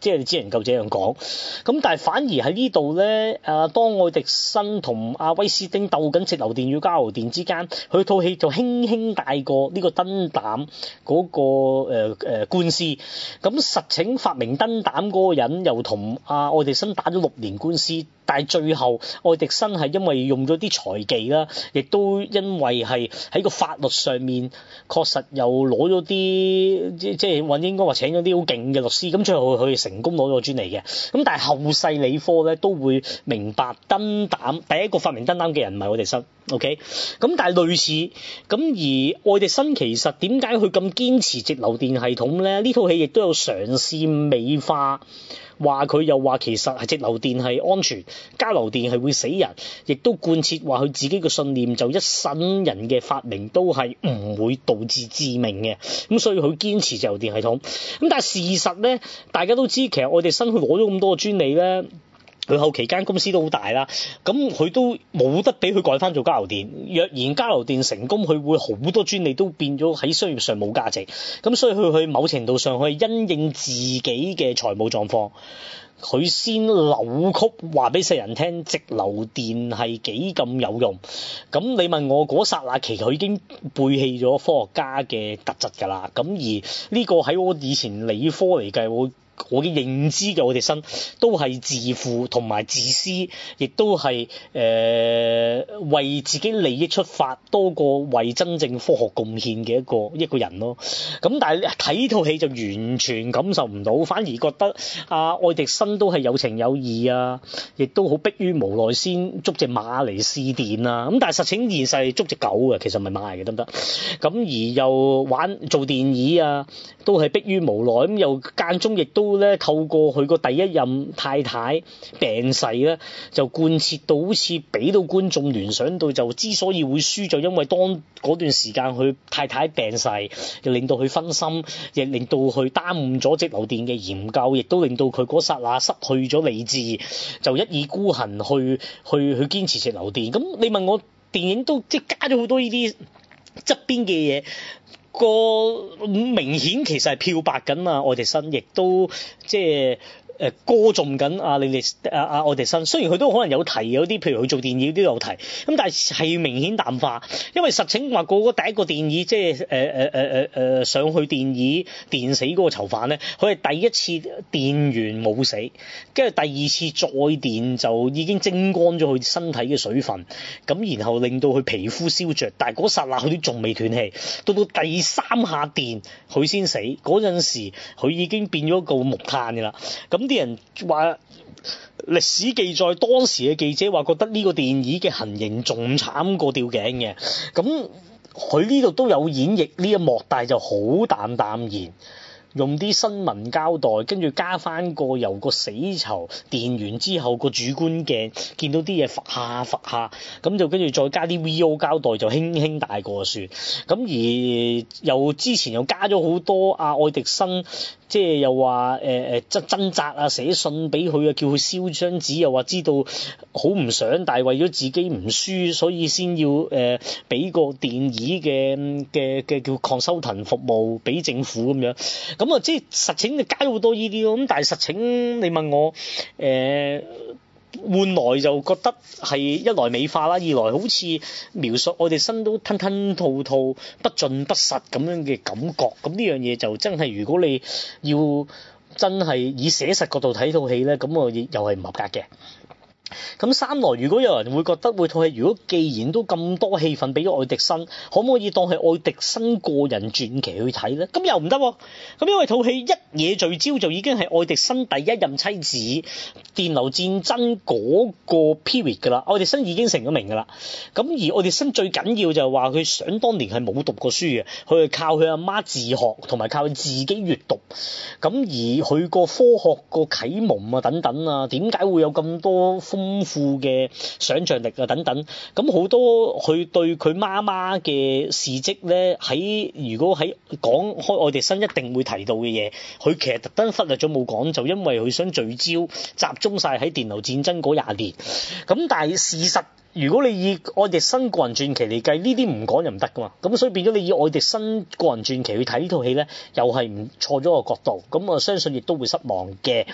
Speaker 3: 即係你只能夠這樣講，咁但係反而喺呢度咧，阿當愛迪生同阿威斯丁鬥緊直流電與交流電之間，佢套戲就輕輕帶過呢個燈膽嗰個誒官司。咁實情發明燈膽嗰個人又同阿愛迪生打咗六年官司。但係最後，愛迪生係因為用咗啲財技啦，亦都因為係喺個法律上面確實又攞咗啲即即係話應該話請咗啲好勁嘅律師，咁最後佢成功攞咗個專利嘅。咁但係後世理科咧都會明白燈膽，第一個發明燈膽嘅人唔係愛迪生。OK，咁但係類似咁而愛迪生其實點解佢咁堅持直流電系統咧？呢套戲亦都有嘗試美化。話佢又話其實係直流電係安全，交流電係會死人，亦都貫徹話佢自己嘅信念，就一生人嘅發明都係唔會導致致命嘅，咁所以佢堅持直流電系統。咁但係事實呢，大家都知其實我哋新佢攞咗咁多嘅專利呢。佢後期間公司都好大啦，咁佢都冇得俾佢改翻做交流電。若然交流電成功，佢會好多專利都變咗喺商業上冇價值。咁所以佢去某程度上，去因應自己嘅財務狀況，佢先扭曲話俾世人聽直流電係幾咁有用。咁你問我嗰剎那，其實佢已經背棄咗科學家嘅特質㗎啦。咁而呢個喺我以前理科嚟計，我。我嘅認知嘅愛迪生都係自負同埋自私，亦都係誒、呃、為自己利益出發，多過為真正科學貢獻嘅一個一個人咯。咁但係睇套戲就完全感受唔到，反而覺得啊，愛迪生都係有情有義啊，亦都好迫於無奈先捉隻馬嚟試電啊。咁但係實情現實捉隻狗啊，其實唔係馬嚟嘅得唔得？咁而又玩做電影啊，都係迫於無奈咁，又間中亦都。透過佢個第一任太太病逝咧，就貫徹到好似俾到觀眾聯想到就之所以會輸就因為當嗰段時間佢太太病逝，就令到佢分心，亦令到佢耽誤咗直流電嘅研究，亦都令到佢嗰剎那失去咗理智，就一意孤行去去去，去堅持直流電。咁你問我電影都即係加咗好多呢啲側邊嘅嘢。個明顯，其實係漂白緊啊！我哋新亦都即係。誒歌頌緊阿李烈阿阿愛迪生，雖然佢都可能有提有啲，譬如佢做電影有啲都有提，咁但係係明顯淡化，因為實情話個個第一個電椅，即係誒誒誒誒誒上去電椅電死嗰個囚犯咧，佢係第一次電完冇死，跟住第二次再電就已經蒸乾咗佢身體嘅水分，咁然後令到佢皮膚燒着。但係嗰剎那佢都仲未斷氣，到到第三下電佢先死，嗰陣時佢已經變咗個木炭嘅啦，咁。啲人話，歷史記載當時嘅記者話覺得呢個電影嘅行刑仲慘過吊頸嘅，咁佢呢度都有演繹呢一幕，但係就好淡淡然，用啲新聞交代，跟住加返個由個死囚電完之後個主觀鏡，見到啲嘢發下發下，咁就跟住再加啲 VO 交代，就輕輕帶過算，咁而又之前又加咗好多阿、啊、愛迪生。即係又話誒、誒掙掙扎啊，寫信俾佢啊，叫佢燒張紙，又話知道好唔想，但係為咗自己唔輸，所以先要誒、俾、呃、個電椅嘅嘅嘅叫抗收騰服務俾政府咁樣。咁啊，即係實情加好多呢啲咯。咁但係實情你問我誒？呃換來就覺得係一來美化啦，二來好似描述我哋身都吞吞吐吐、不盡不實咁樣嘅感覺。咁呢樣嘢就真係，如果你要真係以寫實角度睇套戲咧，咁我亦又係唔合格嘅。咁三來，如果有人會覺得會套戲，如果既然都咁多戲份俾咗愛迪生，可唔可以當係愛迪生個人傳奇去睇咧？咁又唔得喎，咁因為套戲一嘢聚焦就已經係愛迪生第一任妻子電流戰爭嗰個 period 㗎啦。愛迪生已經成咗名㗎啦。咁而愛迪生最緊要就係話佢想當年係冇讀過書嘅，佢係靠佢阿媽自學同埋靠佢自己閲讀。咁而佢個科學個啟蒙啊等等啊，點解會有咁多豐富嘅想像力啊，等等，咁好多佢對佢媽媽嘅事蹟呢，喺如果喺講開愛迪生一定會提到嘅嘢，佢其實特登忽略咗冇講，就因為佢想聚焦集中晒喺電流戰爭嗰廿年，咁但係事實。如果你以愛迪生，新個人傳奇嚟計呢啲唔講就唔得噶嘛。咁所以變咗你以愛迪生個人傳奇去睇呢套戲咧，又係唔錯咗個角度。咁我相信亦都會失望嘅。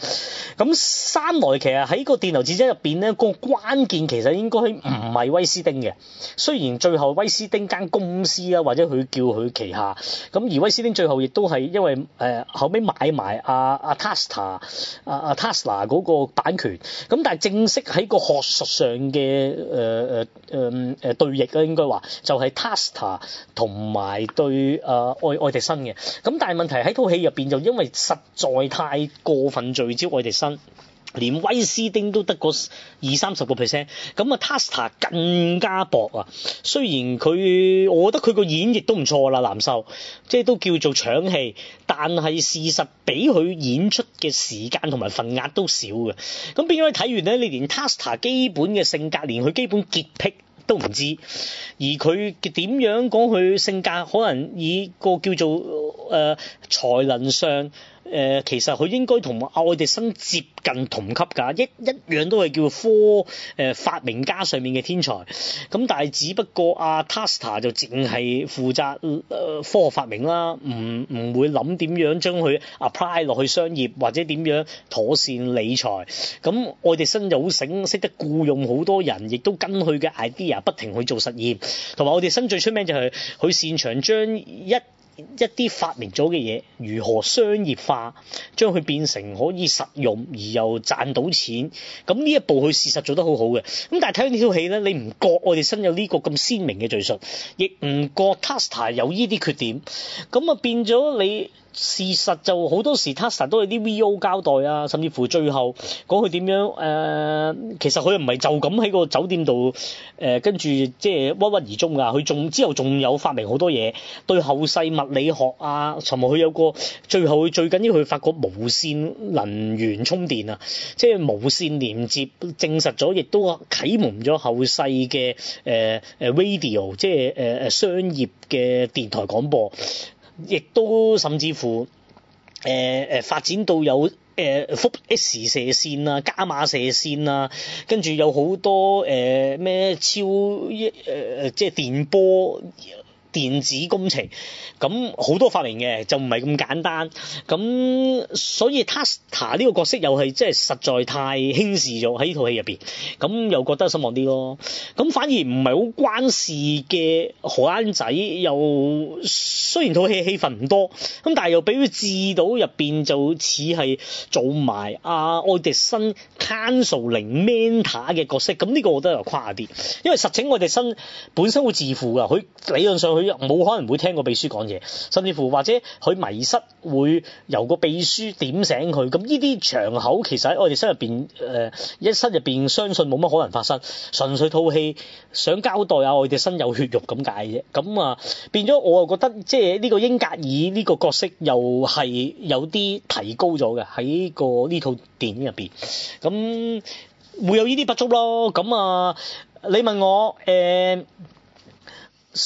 Speaker 3: 咁三來其實喺個電流戰爭入邊咧，那個關鍵其實應該唔係威斯丁嘅。雖然最後威斯丁間公司啊，或者佢叫佢旗下，咁而威斯丁最後亦都係因為誒、呃、後尾買埋阿阿 Tasna 阿阿 Tasna 嗰個版權，咁、呃、但係正式喺個學術上嘅誒。呃誒誒誒，誒、呃呃呃呃、對弈啦，應該話就係、是、Taster 同埋對誒、呃、愛愛迪生嘅，咁但係問題喺套戲入邊，就因為實在太過分聚焦愛迪生。連威斯丁都得個二三十個 percent，咁啊 Tesla 更加薄啊！雖然佢，我覺得佢個演繹都唔錯啦，難受，即係都叫做搶戲，但係事實畀佢演出嘅時間同埋份額都少嘅。咁變咗你睇完咧？你連 Tesla 基本嘅性格，連佢基本潔癖都唔知，而佢點樣講佢性格，可能以個叫做誒、呃、才能上。誒、呃、其實佢應該同愛迪生接近同級㗎，一一樣都係叫科誒發、呃、明家上面嘅天才。咁但係只不過阿、啊、Tesla 就淨係負責誒、呃、科學發明啦，唔唔會諗點樣將佢 apply 落去商業或者點樣妥善理財。咁、嗯、愛迪生就好醒，識得僱用好多人，亦都跟佢嘅 idea 不停去做實驗。同埋愛迪生最出名就係佢擅長將一一啲發明咗嘅嘢，如何商業化，將佢變成可以實用而又賺到錢。咁呢一步佢事實做得好好嘅。咁但係睇呢套戲咧，你唔覺我哋身有呢個咁鮮明嘅敘述，亦唔覺 Tasuku 有呢啲缺點。咁啊變咗你。事實就好多時，Tesla 都係啲 VO 交代啊，甚至乎最後講佢點樣誒、呃，其實佢又唔係就咁喺個酒店度誒、呃，跟住即係鬱郁而終㗎。佢仲之後仲有發明好多嘢，對後世物理學啊，尋日佢有，有個最後最緊要佢發覺無線能源充電啊，即係無線連接，證實咗亦都啟蒙咗後世嘅誒誒 radio，即係誒誒商業嘅電台廣播。亦都甚至乎，誒、呃、誒發展到有誒輻、呃、s 射線啊、伽馬射線啊，跟住有好多誒咩、呃、超一誒誒即係電波。電子工程咁好多發明嘅就唔係咁簡單，咁，所以 Tesla 呢個角色又係即係實在太輕視咗喺呢套戲入邊，咁又覺得失望啲咯。咁反而唔係好關事嘅荷蘭仔，又雖然套戲戲份唔多，咁但係又俾佢治到入邊，就似係做埋阿、啊、愛迪生 Counselor Mentor 嘅角色，咁呢、呢個我覺得又誇啲，因為實情愛迪生本身好自負㗎，佢理論上佢。冇可能會聽過秘書講嘢，甚至乎或者佢迷失會由個秘書點醒佢。咁呢啲場口其實喺我哋身入邊，誒、呃、一身入邊，相信冇乜可能發生。純粹套戲想交代下我哋身有血肉咁解啫。咁啊、呃，變咗我又覺得即係呢個英格爾呢個角色又係有啲提高咗嘅喺個呢套、這個、電影入邊。咁會有呢啲不足咯。咁啊，你問我誒？呃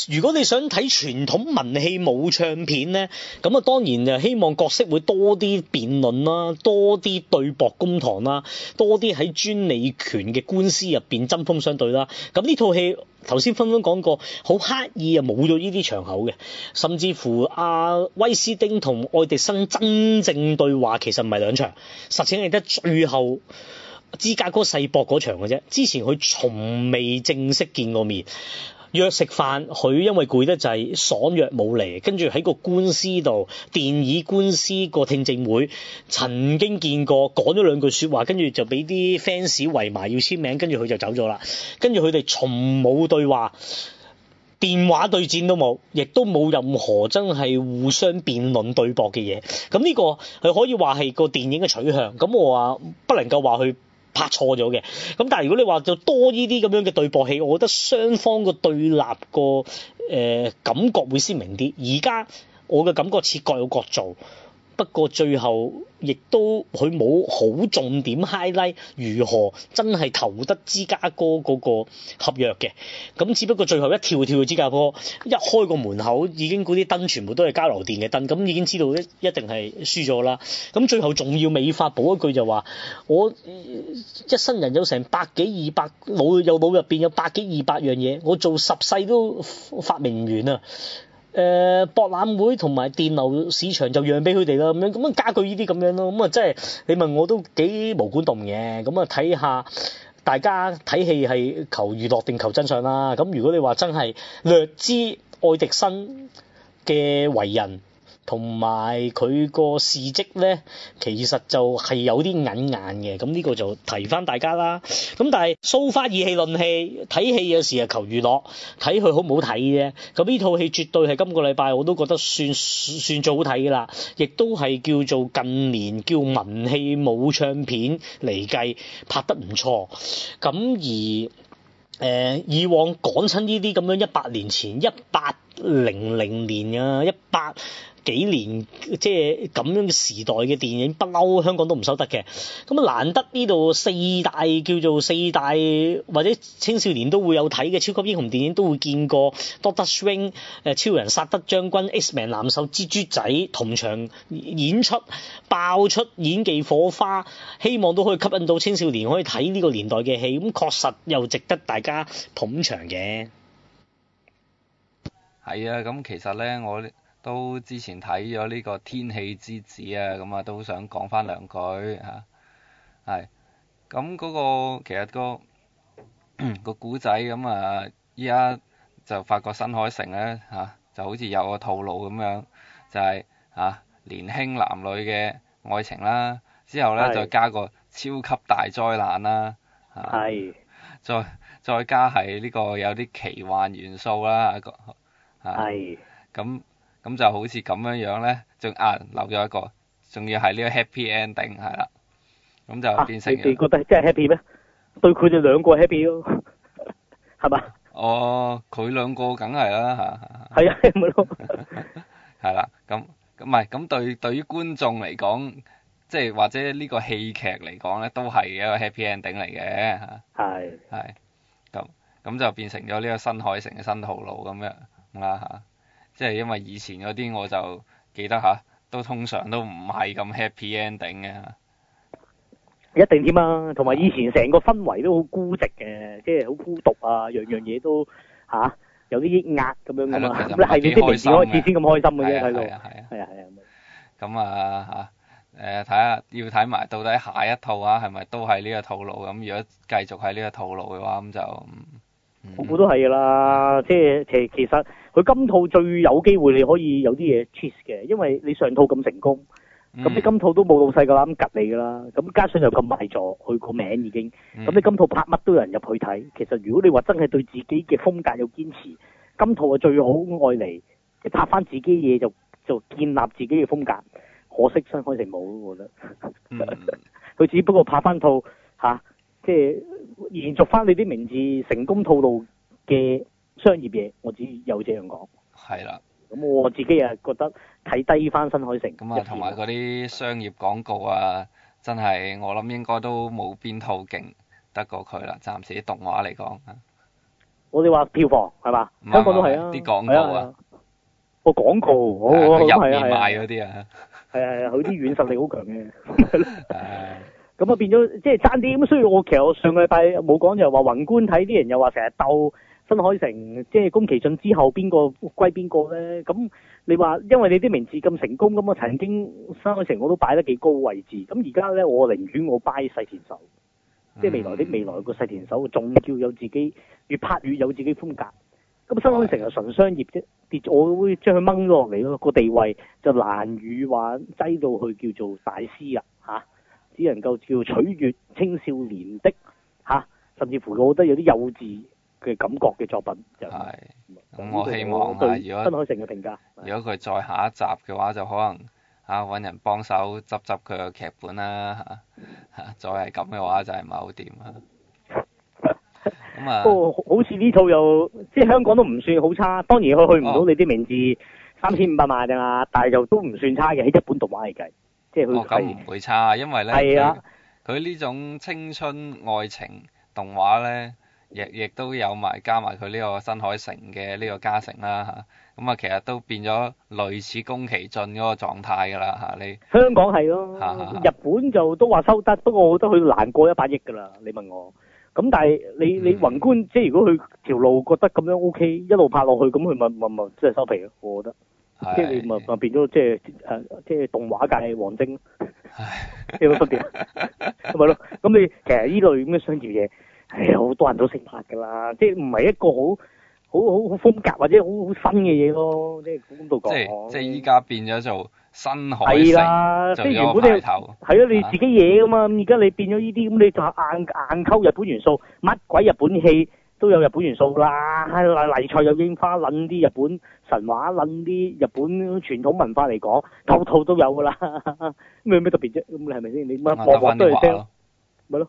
Speaker 3: 如果你想睇傳統文戲冇唱片呢，咁啊當然就希望角色會多啲辯論啦，多啲對簿公堂啦，多啲喺專利權嘅官司入邊針鋒相對啦。咁呢套戲頭先分分講過，好刻意啊冇咗呢啲場口嘅，甚至乎阿威斯丁同愛迪生真正對話其實唔係兩場，實情係得最後芝加哥世博嗰場嘅啫，之前佢從未正式見過面。約食飯，佢因為攰得滯，爽約冇嚟。跟住喺個官司度，電椅官司個聽證會，曾經見過講咗兩句説話，跟住就俾啲 fans 圍埋，埋要簽名，跟住佢就走咗啦。跟住佢哋從冇對話，電話對戰都冇，亦都冇任何真係互相辯論對駁嘅嘢。咁呢個佢可以話係個電影嘅取向。咁我話不能夠話佢。拍錯咗嘅，咁但係如果你話就多呢啲咁樣嘅對駁戲，我覺得雙方嘅對立個誒、呃、感覺會鮮明啲。而家我嘅感覺似各有各做。不過最後亦都佢冇好重點 highlight 如何真係投得芝加哥嗰個合約嘅，咁只不過最後一跳跳去芝加哥，一開個門口已經嗰啲燈全部都係交流電嘅燈，咁已經知道一一定係輸咗啦。咁最後仲要美化補一句就話，我一生人有成百幾二百腦，有腦入邊有百幾二百樣嘢，我做十世都發明唔完啊！誒、呃，博覽會同埋電流市場就讓畀佢哋啦，咁樣咁啊加佢呢啲咁樣咯，咁啊即係你問我都幾無管動嘅，咁啊睇下大家睇戲係求娛樂定求真相啦，咁如果你話真係略知愛迪生嘅為人。同埋佢個事蹟呢，其實就係有啲隱眼嘅。咁呢個就提翻大家啦。咁但係數花議戲論戲睇戲有時啊，求娛樂睇佢好唔好睇啫。咁呢套戲絕對係今個禮拜我都覺得算算最好睇嘅啦，亦都係叫做近年叫文戲武唱片嚟計拍得唔錯。咁而誒、呃、以往講親呢啲咁樣一百年前一八零零年啊一八幾年即係咁樣嘅時代嘅電影，不嬲香港都唔收得嘅。咁啊，難得呢度四大叫做四大或者青少年都會有睇嘅超級英雄電影都會見過。Doctor Swing 超人、殺得將軍、Xman、Man、藍手蜘蛛仔同場演出，爆出演技火花。希望都可以吸引到青少年可以睇呢個年代嘅戲。咁確實又值得大家捧場嘅。
Speaker 4: 係啊，咁其實呢，我。都之前睇咗呢個《天氣之子》啊啊，咁啊都想講翻兩句嚇，係、嗰個。咁嗰個其實、嗰個個古仔咁啊，依家就發覺新海誠咧嚇，就好似有個套路咁樣，就係、是、嚇、啊、年輕男女嘅愛情啦，之後咧是再加個超級大災難啦，係、啊是。再再加係呢、呢個有啲奇幻元素啦，嚇、啊。係。咁是。咁就好似咁樣樣咧，仲啊留咗一個，仲要係呢個 happy ending 係啦，咁就變成啊你
Speaker 3: 哋覺得真係 happy 咩？
Speaker 4: 對佢哋兩個 happy 咯，係嘛？哦，佢兩個梗係啦嚇，
Speaker 3: 係啊，係咪咯？
Speaker 4: 係啦，咁咁唔係咁對對於觀眾嚟講，即係或者呢個戲劇嚟講咧，都係一個 happy ending 嚟嘅嚇。係係，咁咁就變成咗呢個新海誠嘅新套路咁樣啦嚇。即係因為以前嗰啲我就記得嚇，都通常都唔係咁 happy ending 嘅。
Speaker 3: 一定點啊，同埋以前成個氛圍都好孤寂嘅，
Speaker 4: 即係好孤獨啊，樣樣嘢都嚇
Speaker 3: 有啲抑壓咁樣噶嘛。係要即係從此開始先咁開心嘅，係咯。係啊係啊。
Speaker 4: 咁啊嚇，誒睇下要睇埋到底下一套啊，係咪都係呢個套路？咁如果繼續係呢個套路嘅話，咁就
Speaker 3: 我估都係啦。即係其其實。佢今套最有機會你可以有啲嘢 cheat
Speaker 4: 嘅，因為你
Speaker 3: 上套咁成功，咁你今套都冇老細㗎喇，咁趌你噶啦，咁加上又咁賣座佢個名已經，咁你今套拍乜都有人入去睇。其實如果你話真係對自己嘅風格有堅持，今套就最好愛嚟，即拍翻自己嘢就就建立自己嘅風格。可惜新海誠冇，我覺得。佢、嗯、 只不過拍翻套吓，即、啊、係、就是、延續翻你啲名字成功套路嘅。商業嘢，我只有這樣講。係啦的，咁我自己又覺得睇低翻新海誠。咁啊，同埋嗰
Speaker 4: 啲商業廣告啊，真係我諗應該都冇邊套勁得過佢啦。暫時動畫嚟講。
Speaker 3: 我哋話票房係嘛？不，香港都
Speaker 4: 係啊，啲廣告啊，個廣告，入面賣嗰啲啊。係啊係
Speaker 3: 啊，佢啲軟實力好強嘅。咁 啊是的 變咗即係爭啲咁，所以我其實我上個禮拜冇講，就係話宏觀睇啲人又話成日鬥。新海誠即係宮崎駿之後邊個歸邊個呢？咁你話因為你啲名字咁成功，咁我曾經新海誠我都擺得幾高位置。咁而家呢，我寧願我拜細田守，嗯、即係未來啲未來個細田守仲叫有自己越拍越有自己風格。咁新海誠係純商業啫，跌我會將佢掹咗落嚟咯。那個地位就難以話擠到去叫做大師啊！嚇，只能夠叫取悅青少年的嚇、啊，甚至乎我覺得有啲幼稚。佢感覺嘅作品，
Speaker 4: 就係咁我希望如果新海誠嘅評價，如果佢再下一集嘅話，就可能嚇揾、啊、人幫手執執佢嘅劇本啦、啊、嚇、啊。再係咁嘅話，就係唔係好掂啊？咁 啊，不過
Speaker 3: 好似呢套又即係香港都唔算好差。當然佢去唔到你啲名字、哦、三千五百萬㗎嘛，但係又都唔算差嘅，喺日本動畫嚟計，即係佢係唔
Speaker 4: 會差，因為咧，佢佢呢種青春愛情動畫咧。亦亦都有埋加埋佢呢個新海誠嘅呢個加成啦嚇，咁啊其實都變咗類似宮崎駿嗰個狀態㗎啦嚇你。
Speaker 3: 香港係咯，日本就都話收得，不過我覺得佢難過一百億㗎啦。你問我，咁但係你你宏觀即係如果佢條路覺得咁樣 OK，一路拍落去咁佢咪咪咪即係收皮咯，我覺得。
Speaker 4: 係。即係你
Speaker 3: 咪咪變咗即係誒即係動畫界王晶。唉。有乜分別？係咪咯？咁你其實呢類咁嘅商業嘢。好多人都識拍㗎啦，即係唔係一個好好好好風格或者好好新嘅嘢咯，即係
Speaker 4: 講到講，即係即係依家變咗做新海誠就有開頭，係啊，你自
Speaker 3: 己嘢噶嘛，而家你變咗呢啲，咁你就硬硬溝日本元素，乜鬼日本戲都有日本元素㗎啦，麗麗賽有櫻花撚啲日本神話撚啲日，日本傳統文化嚟講，套套都，都有㗎啦，咩 咩特別啫？咁你係咪先？你乜幕幕都係聽，咯？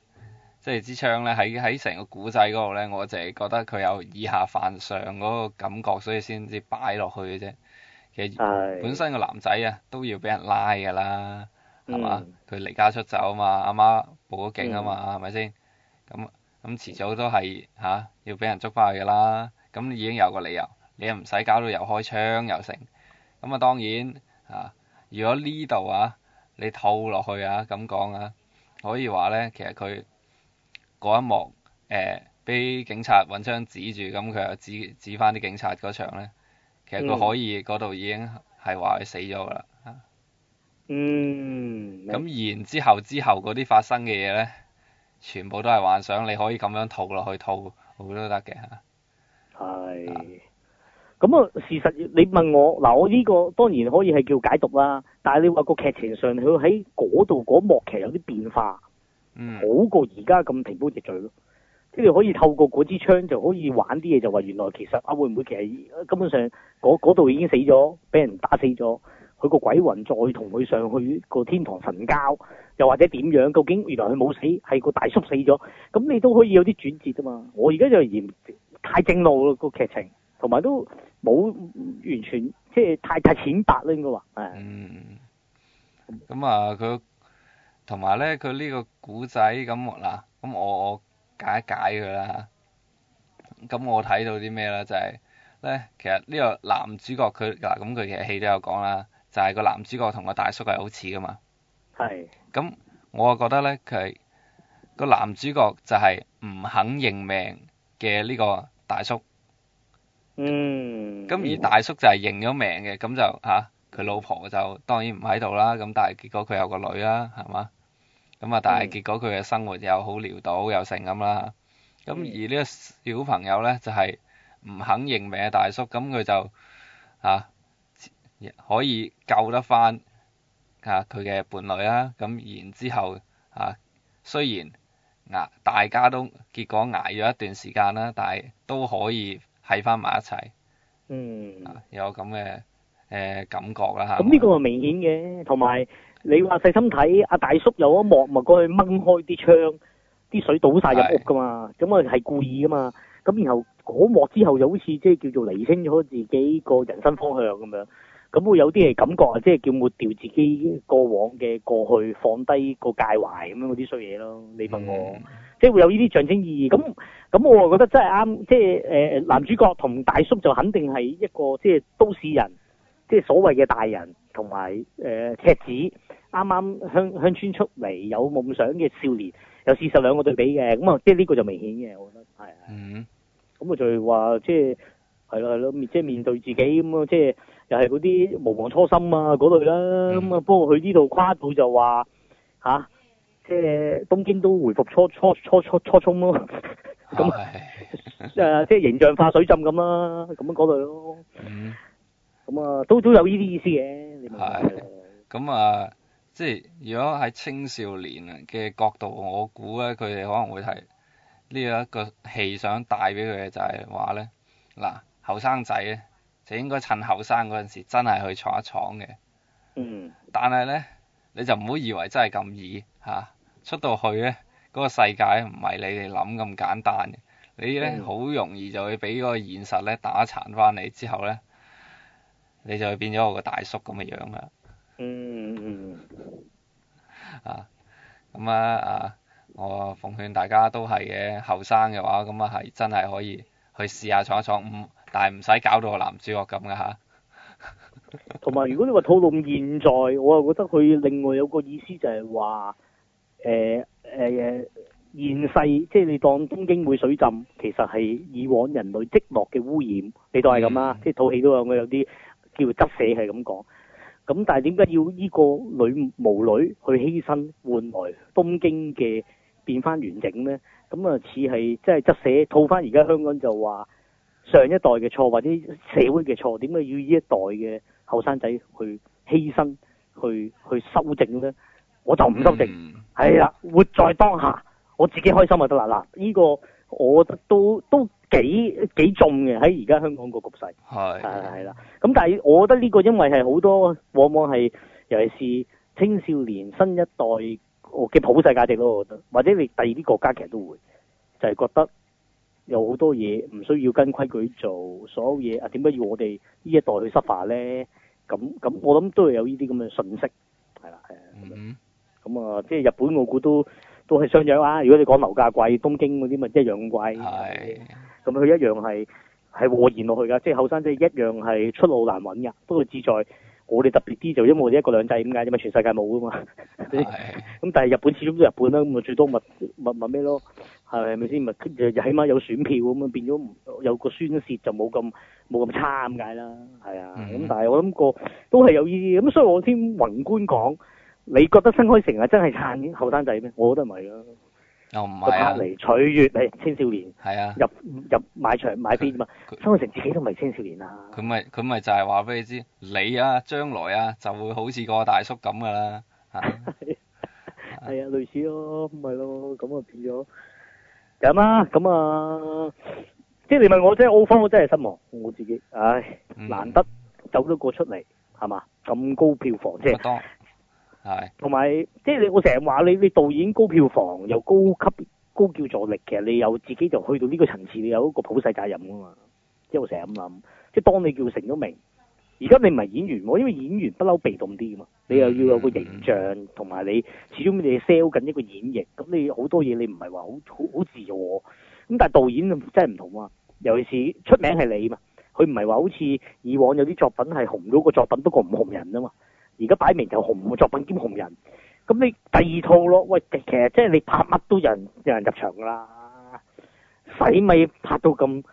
Speaker 4: 即係支槍咧，喺喺成個古仔嗰度咧，我淨係覺得佢有以下犯上嗰個感覺，所以先至擺落去嘅啫。其實本身個男仔啊都要俾人拉㗎啦，係嘛的？佢離家出走啊嘛，阿媽報咗警啊嘛，係咪先？咁咁的的遲早都係吓、啊，要俾人捉翻去㗎啦。咁已經有個理由，你又唔使搞到又開槍又成。咁啊當然嚇、啊，如果呢度啊你套落去啊咁講啊，可以話咧，其實佢。嗰一幕，誒、呃、俾警察揾槍指住，咁佢又指指翻啲警察嗰場咧，其實佢可以嗰度已經係話佢死咗㗎啦。嗯。咁然之後之後嗰啲發生嘅嘢咧，全部都係幻想，你可以咁樣套落去套好都得嘅嚇。
Speaker 3: 係唉。咁啊，事實你問我嗱，我呢個當然可以係叫解讀啦，但係你話個劇情上佢喺嗰度嗰幕其實有啲變化。好過而家咁平鋪直敘咯，即係可以透過嗰支槍就可以玩啲嘢，就話原來其實啊會唔會其實根本上嗰度已經死咗，俾人打死咗，佢個鬼魂再同佢上去個天堂神交，又或者點樣？究竟原來佢冇死，係個大叔死咗，咁你都可以有啲轉折㗎嘛！我而家就嫌太正路咯個劇情，同埋都冇完全即係太太淺白咯應該話，係。嗯。咁、嗯
Speaker 4: 嗯、啊，佢。同埋咧，佢呢個古仔咁嗱，咁我我解一解佢啦嚇。咁我睇到啲咩咧？就係咧，其實呢個男主角佢嗱咁，佢其實戲都有講啦，就係個男主角同個大叔係好似噶嘛。係。咁我覺得呢，佢個男主角就係唔肯認命嘅呢個大叔。嗯。咁而大叔就係認咗命嘅，咁就嚇佢老婆就當然唔喺度啦。咁但係結果佢有個女啦，係嘛？咁啊！嗯、但係結果佢嘅生活又好潦倒又成咁啦。咁、嗯、而呢個小朋友呢，就係、是、唔肯認命嘅大叔，咁佢就嚇、啊、可以救得返啊佢嘅伴侶啦。咁、啊、然之後啊，雖然捱大家都結果捱咗一段時間啦，但係都可以喺返埋一齊。嗯。啊、有咁嘅誒感覺啦，嚇、啊。咁呢、嗯、個係明顯嘅，同埋。
Speaker 3: 你話細心睇阿大叔有一幕，咪過去掹開啲窗，啲水倒晒入屋噶嘛？咁啊係故意噶嘛？咁然後嗰幕之後就好似即係叫做釐清咗自己個人生方向咁樣。咁會有啲係感覺啊，即係叫抹掉自己過往嘅過去，放低個介懷咁樣嗰啲衰嘢咯。你問我，嗯、即係會有呢啲象徵意義。咁咁我啊覺得真係啱，即係誒、呃、男主角同大叔就肯定係一個即係都市人，即係所謂嘅大人同埋誒赤子，啱啱鄉鄉村出嚟有夢想嘅少年，有事實兩個對比嘅咁啊，即係呢個就明顯嘅，我覺得係嗯，咁啊就係話即係係咯係咯，即係面，面，面對自己咁啊，即係又係嗰啲無忘初心啊嗰類啦。咁啊不過佢呢度誇到就話吓，即係東京都回復初初初初初衷咯，咁誒即係形象化水浸
Speaker 4: 咁啦，咁樣嗰類咯。咁啊，都都有呢啲意思嘅。係是，咁啊，即係如果喺青少年嘅角度，我估咧，佢哋可能會係呢一個戲想，想帶俾佢嘅就係話咧，嗱，後生仔咧就應該趁後生嗰陣時真闖闖，真係去闖一闖嘅。嗯、但係咧，你就唔好以為真係咁易吓、啊、出到去咧，嗰、嗰個世界唔係你哋諗咁簡單嘅，你咧好唉容易就會俾嗰個現實咧打殘翻你之後咧。你就會變咗我個大叔咁嘅樣啦、嗯。嗯嗯啊，咁啊啊，我奉勸大家都係嘅，後生嘅話咁啊，係真係可以去試下闖一闖，唔、嗯、但係唔使搞到個男主角咁嘅吓。
Speaker 3: 同、啊、埋， 如果你話討論現在，我又覺得佢另外有個意思就係話，誒誒誒，現世即係你當東京會水浸，其實係以往人類積落嘅污染，你當係咁啦，嗯、即係套戲都有嘅有啲。叫執射係咁講，咁但係點解要依個女無女去犧牲換來東京嘅變翻完整呢？咁啊似係即係執射套翻而家香港，就話上一代嘅錯或者社會嘅錯，點解要呢一代嘅後生仔去犧牲去去修正呢？我就唔修正，
Speaker 4: 係啦、嗯，活在
Speaker 3: 當下，我自己開心就得啦嗱，依、這個。我覺得都都幾幾重嘅喺而家香港個局勢，
Speaker 4: 係係啦，係啦。
Speaker 3: 咁但係我覺得呢個因為係好多往往係尤其是青少年新一代嘅普世價值咯，我覺得或者你第二啲國家其實都會就係、是、覺得有好多嘢唔需要跟規矩做，所有嘢啊點解要我哋呢一代去 suffer 呢？咁咁我諗都係有呢啲咁嘅信息係啦，係啊，咁、mm hmm. 啊，即係日本我估都。都係相若啊！如果你講樓價貴，東京嗰啲咪一樣咁貴，咁佢一樣係係禍延落去噶，即係後生仔一樣係出路難揾噶。不過志在我哋特別啲，就因為我哋一國兩制咁解，咁咪全世界冇噶嘛。咁但係日本始終都日本啦，咁咪最多咪咪咪咩咯？係咪先？咪起碼有選票咁啊，變咗有個宣泄就冇咁冇咁差咁解啦。係
Speaker 4: 啊，
Speaker 3: 咁但係我諗過都係有意義。咁所以我先宏觀講。你覺得新海誠係真係撐後生仔咩？我覺得唔
Speaker 4: 係咯，佢隔離取悅
Speaker 3: 你青少年，係啊，入入買場買飛嘛。新海誠自己都唔係青少年啊，
Speaker 4: 佢咪佢咪就係話俾你知，你啊將來啊就會好似個大叔咁噶啦
Speaker 3: 嚇，係啊，類似咯，咪咯，咁啊變咗咁啊咁啊，即係你問我即係澳風，我真係失望。我自己唉，難得走咗過出嚟係嘛？咁高票房即係。係，同埋即係你，我成日話你，你導演高票房又高級，高，級高叫座力，其實你有自己就去到呢個層次，你有一個普世責任噶嘛。即係我成日咁諗，即係當你叫成咗名，而家你唔係演員，因為演員不嬲被動啲嘛，你又要有個形象，同埋你始終你 sell 緊一個演繹，咁你好多嘢你唔係話好好自由。咁但係導演真係唔同啊，尤其是出名係你嘛，佢唔係話好似以往有啲作品係紅咗個作品，不過唔紅人啊嘛。而家擺明就紅作品兼紅人，咁你第二套咯？喂，其實即係你拍乜都有人，有人入場噶啦，使咪拍到咁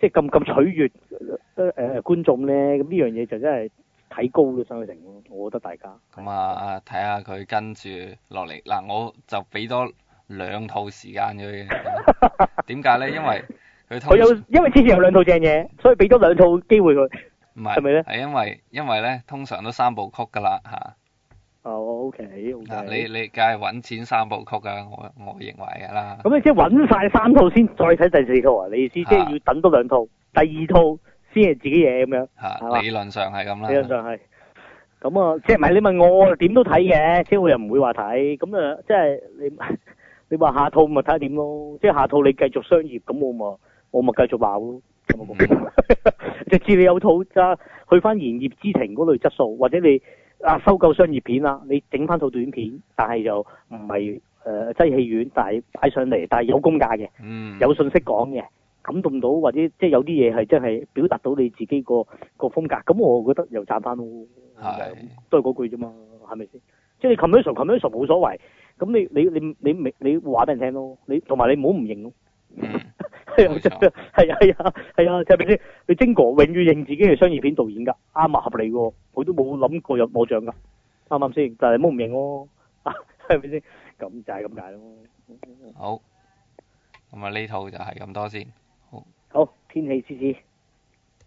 Speaker 3: 即係咁咁取悅誒、呃呃、觀眾咧？咁呢樣嘢就真係睇高咗沈月成咯，我覺得大家。
Speaker 4: 咁、嗯、是啊，睇下佢跟住落嚟嗱，我就俾多兩套時間佢。點解咧？因為佢有，
Speaker 3: 因為之前有兩套正嘢，所以俾多兩套機會佢。
Speaker 4: 唔係，係咪咧？係因為因為咧，通常都三部曲噶啦嚇。哦，OK。嗱，你你梗係揾錢三部曲噶啦！我我認為噶啦。
Speaker 3: 咁你即係揾晒三套先再睇第四套啊？你意思即係要
Speaker 4: 等多兩套，
Speaker 3: 第二套先係自己嘢咁樣。
Speaker 4: 嚇！理論上係咁啦。理論
Speaker 3: 上係。咁啊，即係唔係你問我點都睇嘅，即係我又唔會話睇。咁啊，即係你你話下套咪睇下點咯？即係下套你繼續商業，咁我咪我咪繼續爆咯。直至你有套啊，去翻言葉之庭嗰類質素，或者你啊收購商業片啊，你整翻套短片，但係又唔係誒擠戲院，但係擺上嚟，但係有公價嘅，嗯，有信息講嘅，感動到或者即係有啲嘢係真係表達到你自己個個風格，咁我覺得又賺翻咯。係都係嗰句啫嘛，係咪先？即係你 commercial commercial 冇所謂，咁你你你你明你話俾人聽咯，你同埋你唔好唔認咯。係啊係啊係啊，係咪先？你精哥永遠認自己係商業片導演噶，啱啊，合理噶，佢都冇諗過有攞獎噶，啱啱先？但係冇唔認哦，啊，係咪先？咁就係咁解咯。
Speaker 4: 好，咁啊呢套就係咁多先。好，
Speaker 3: 好天氣之子。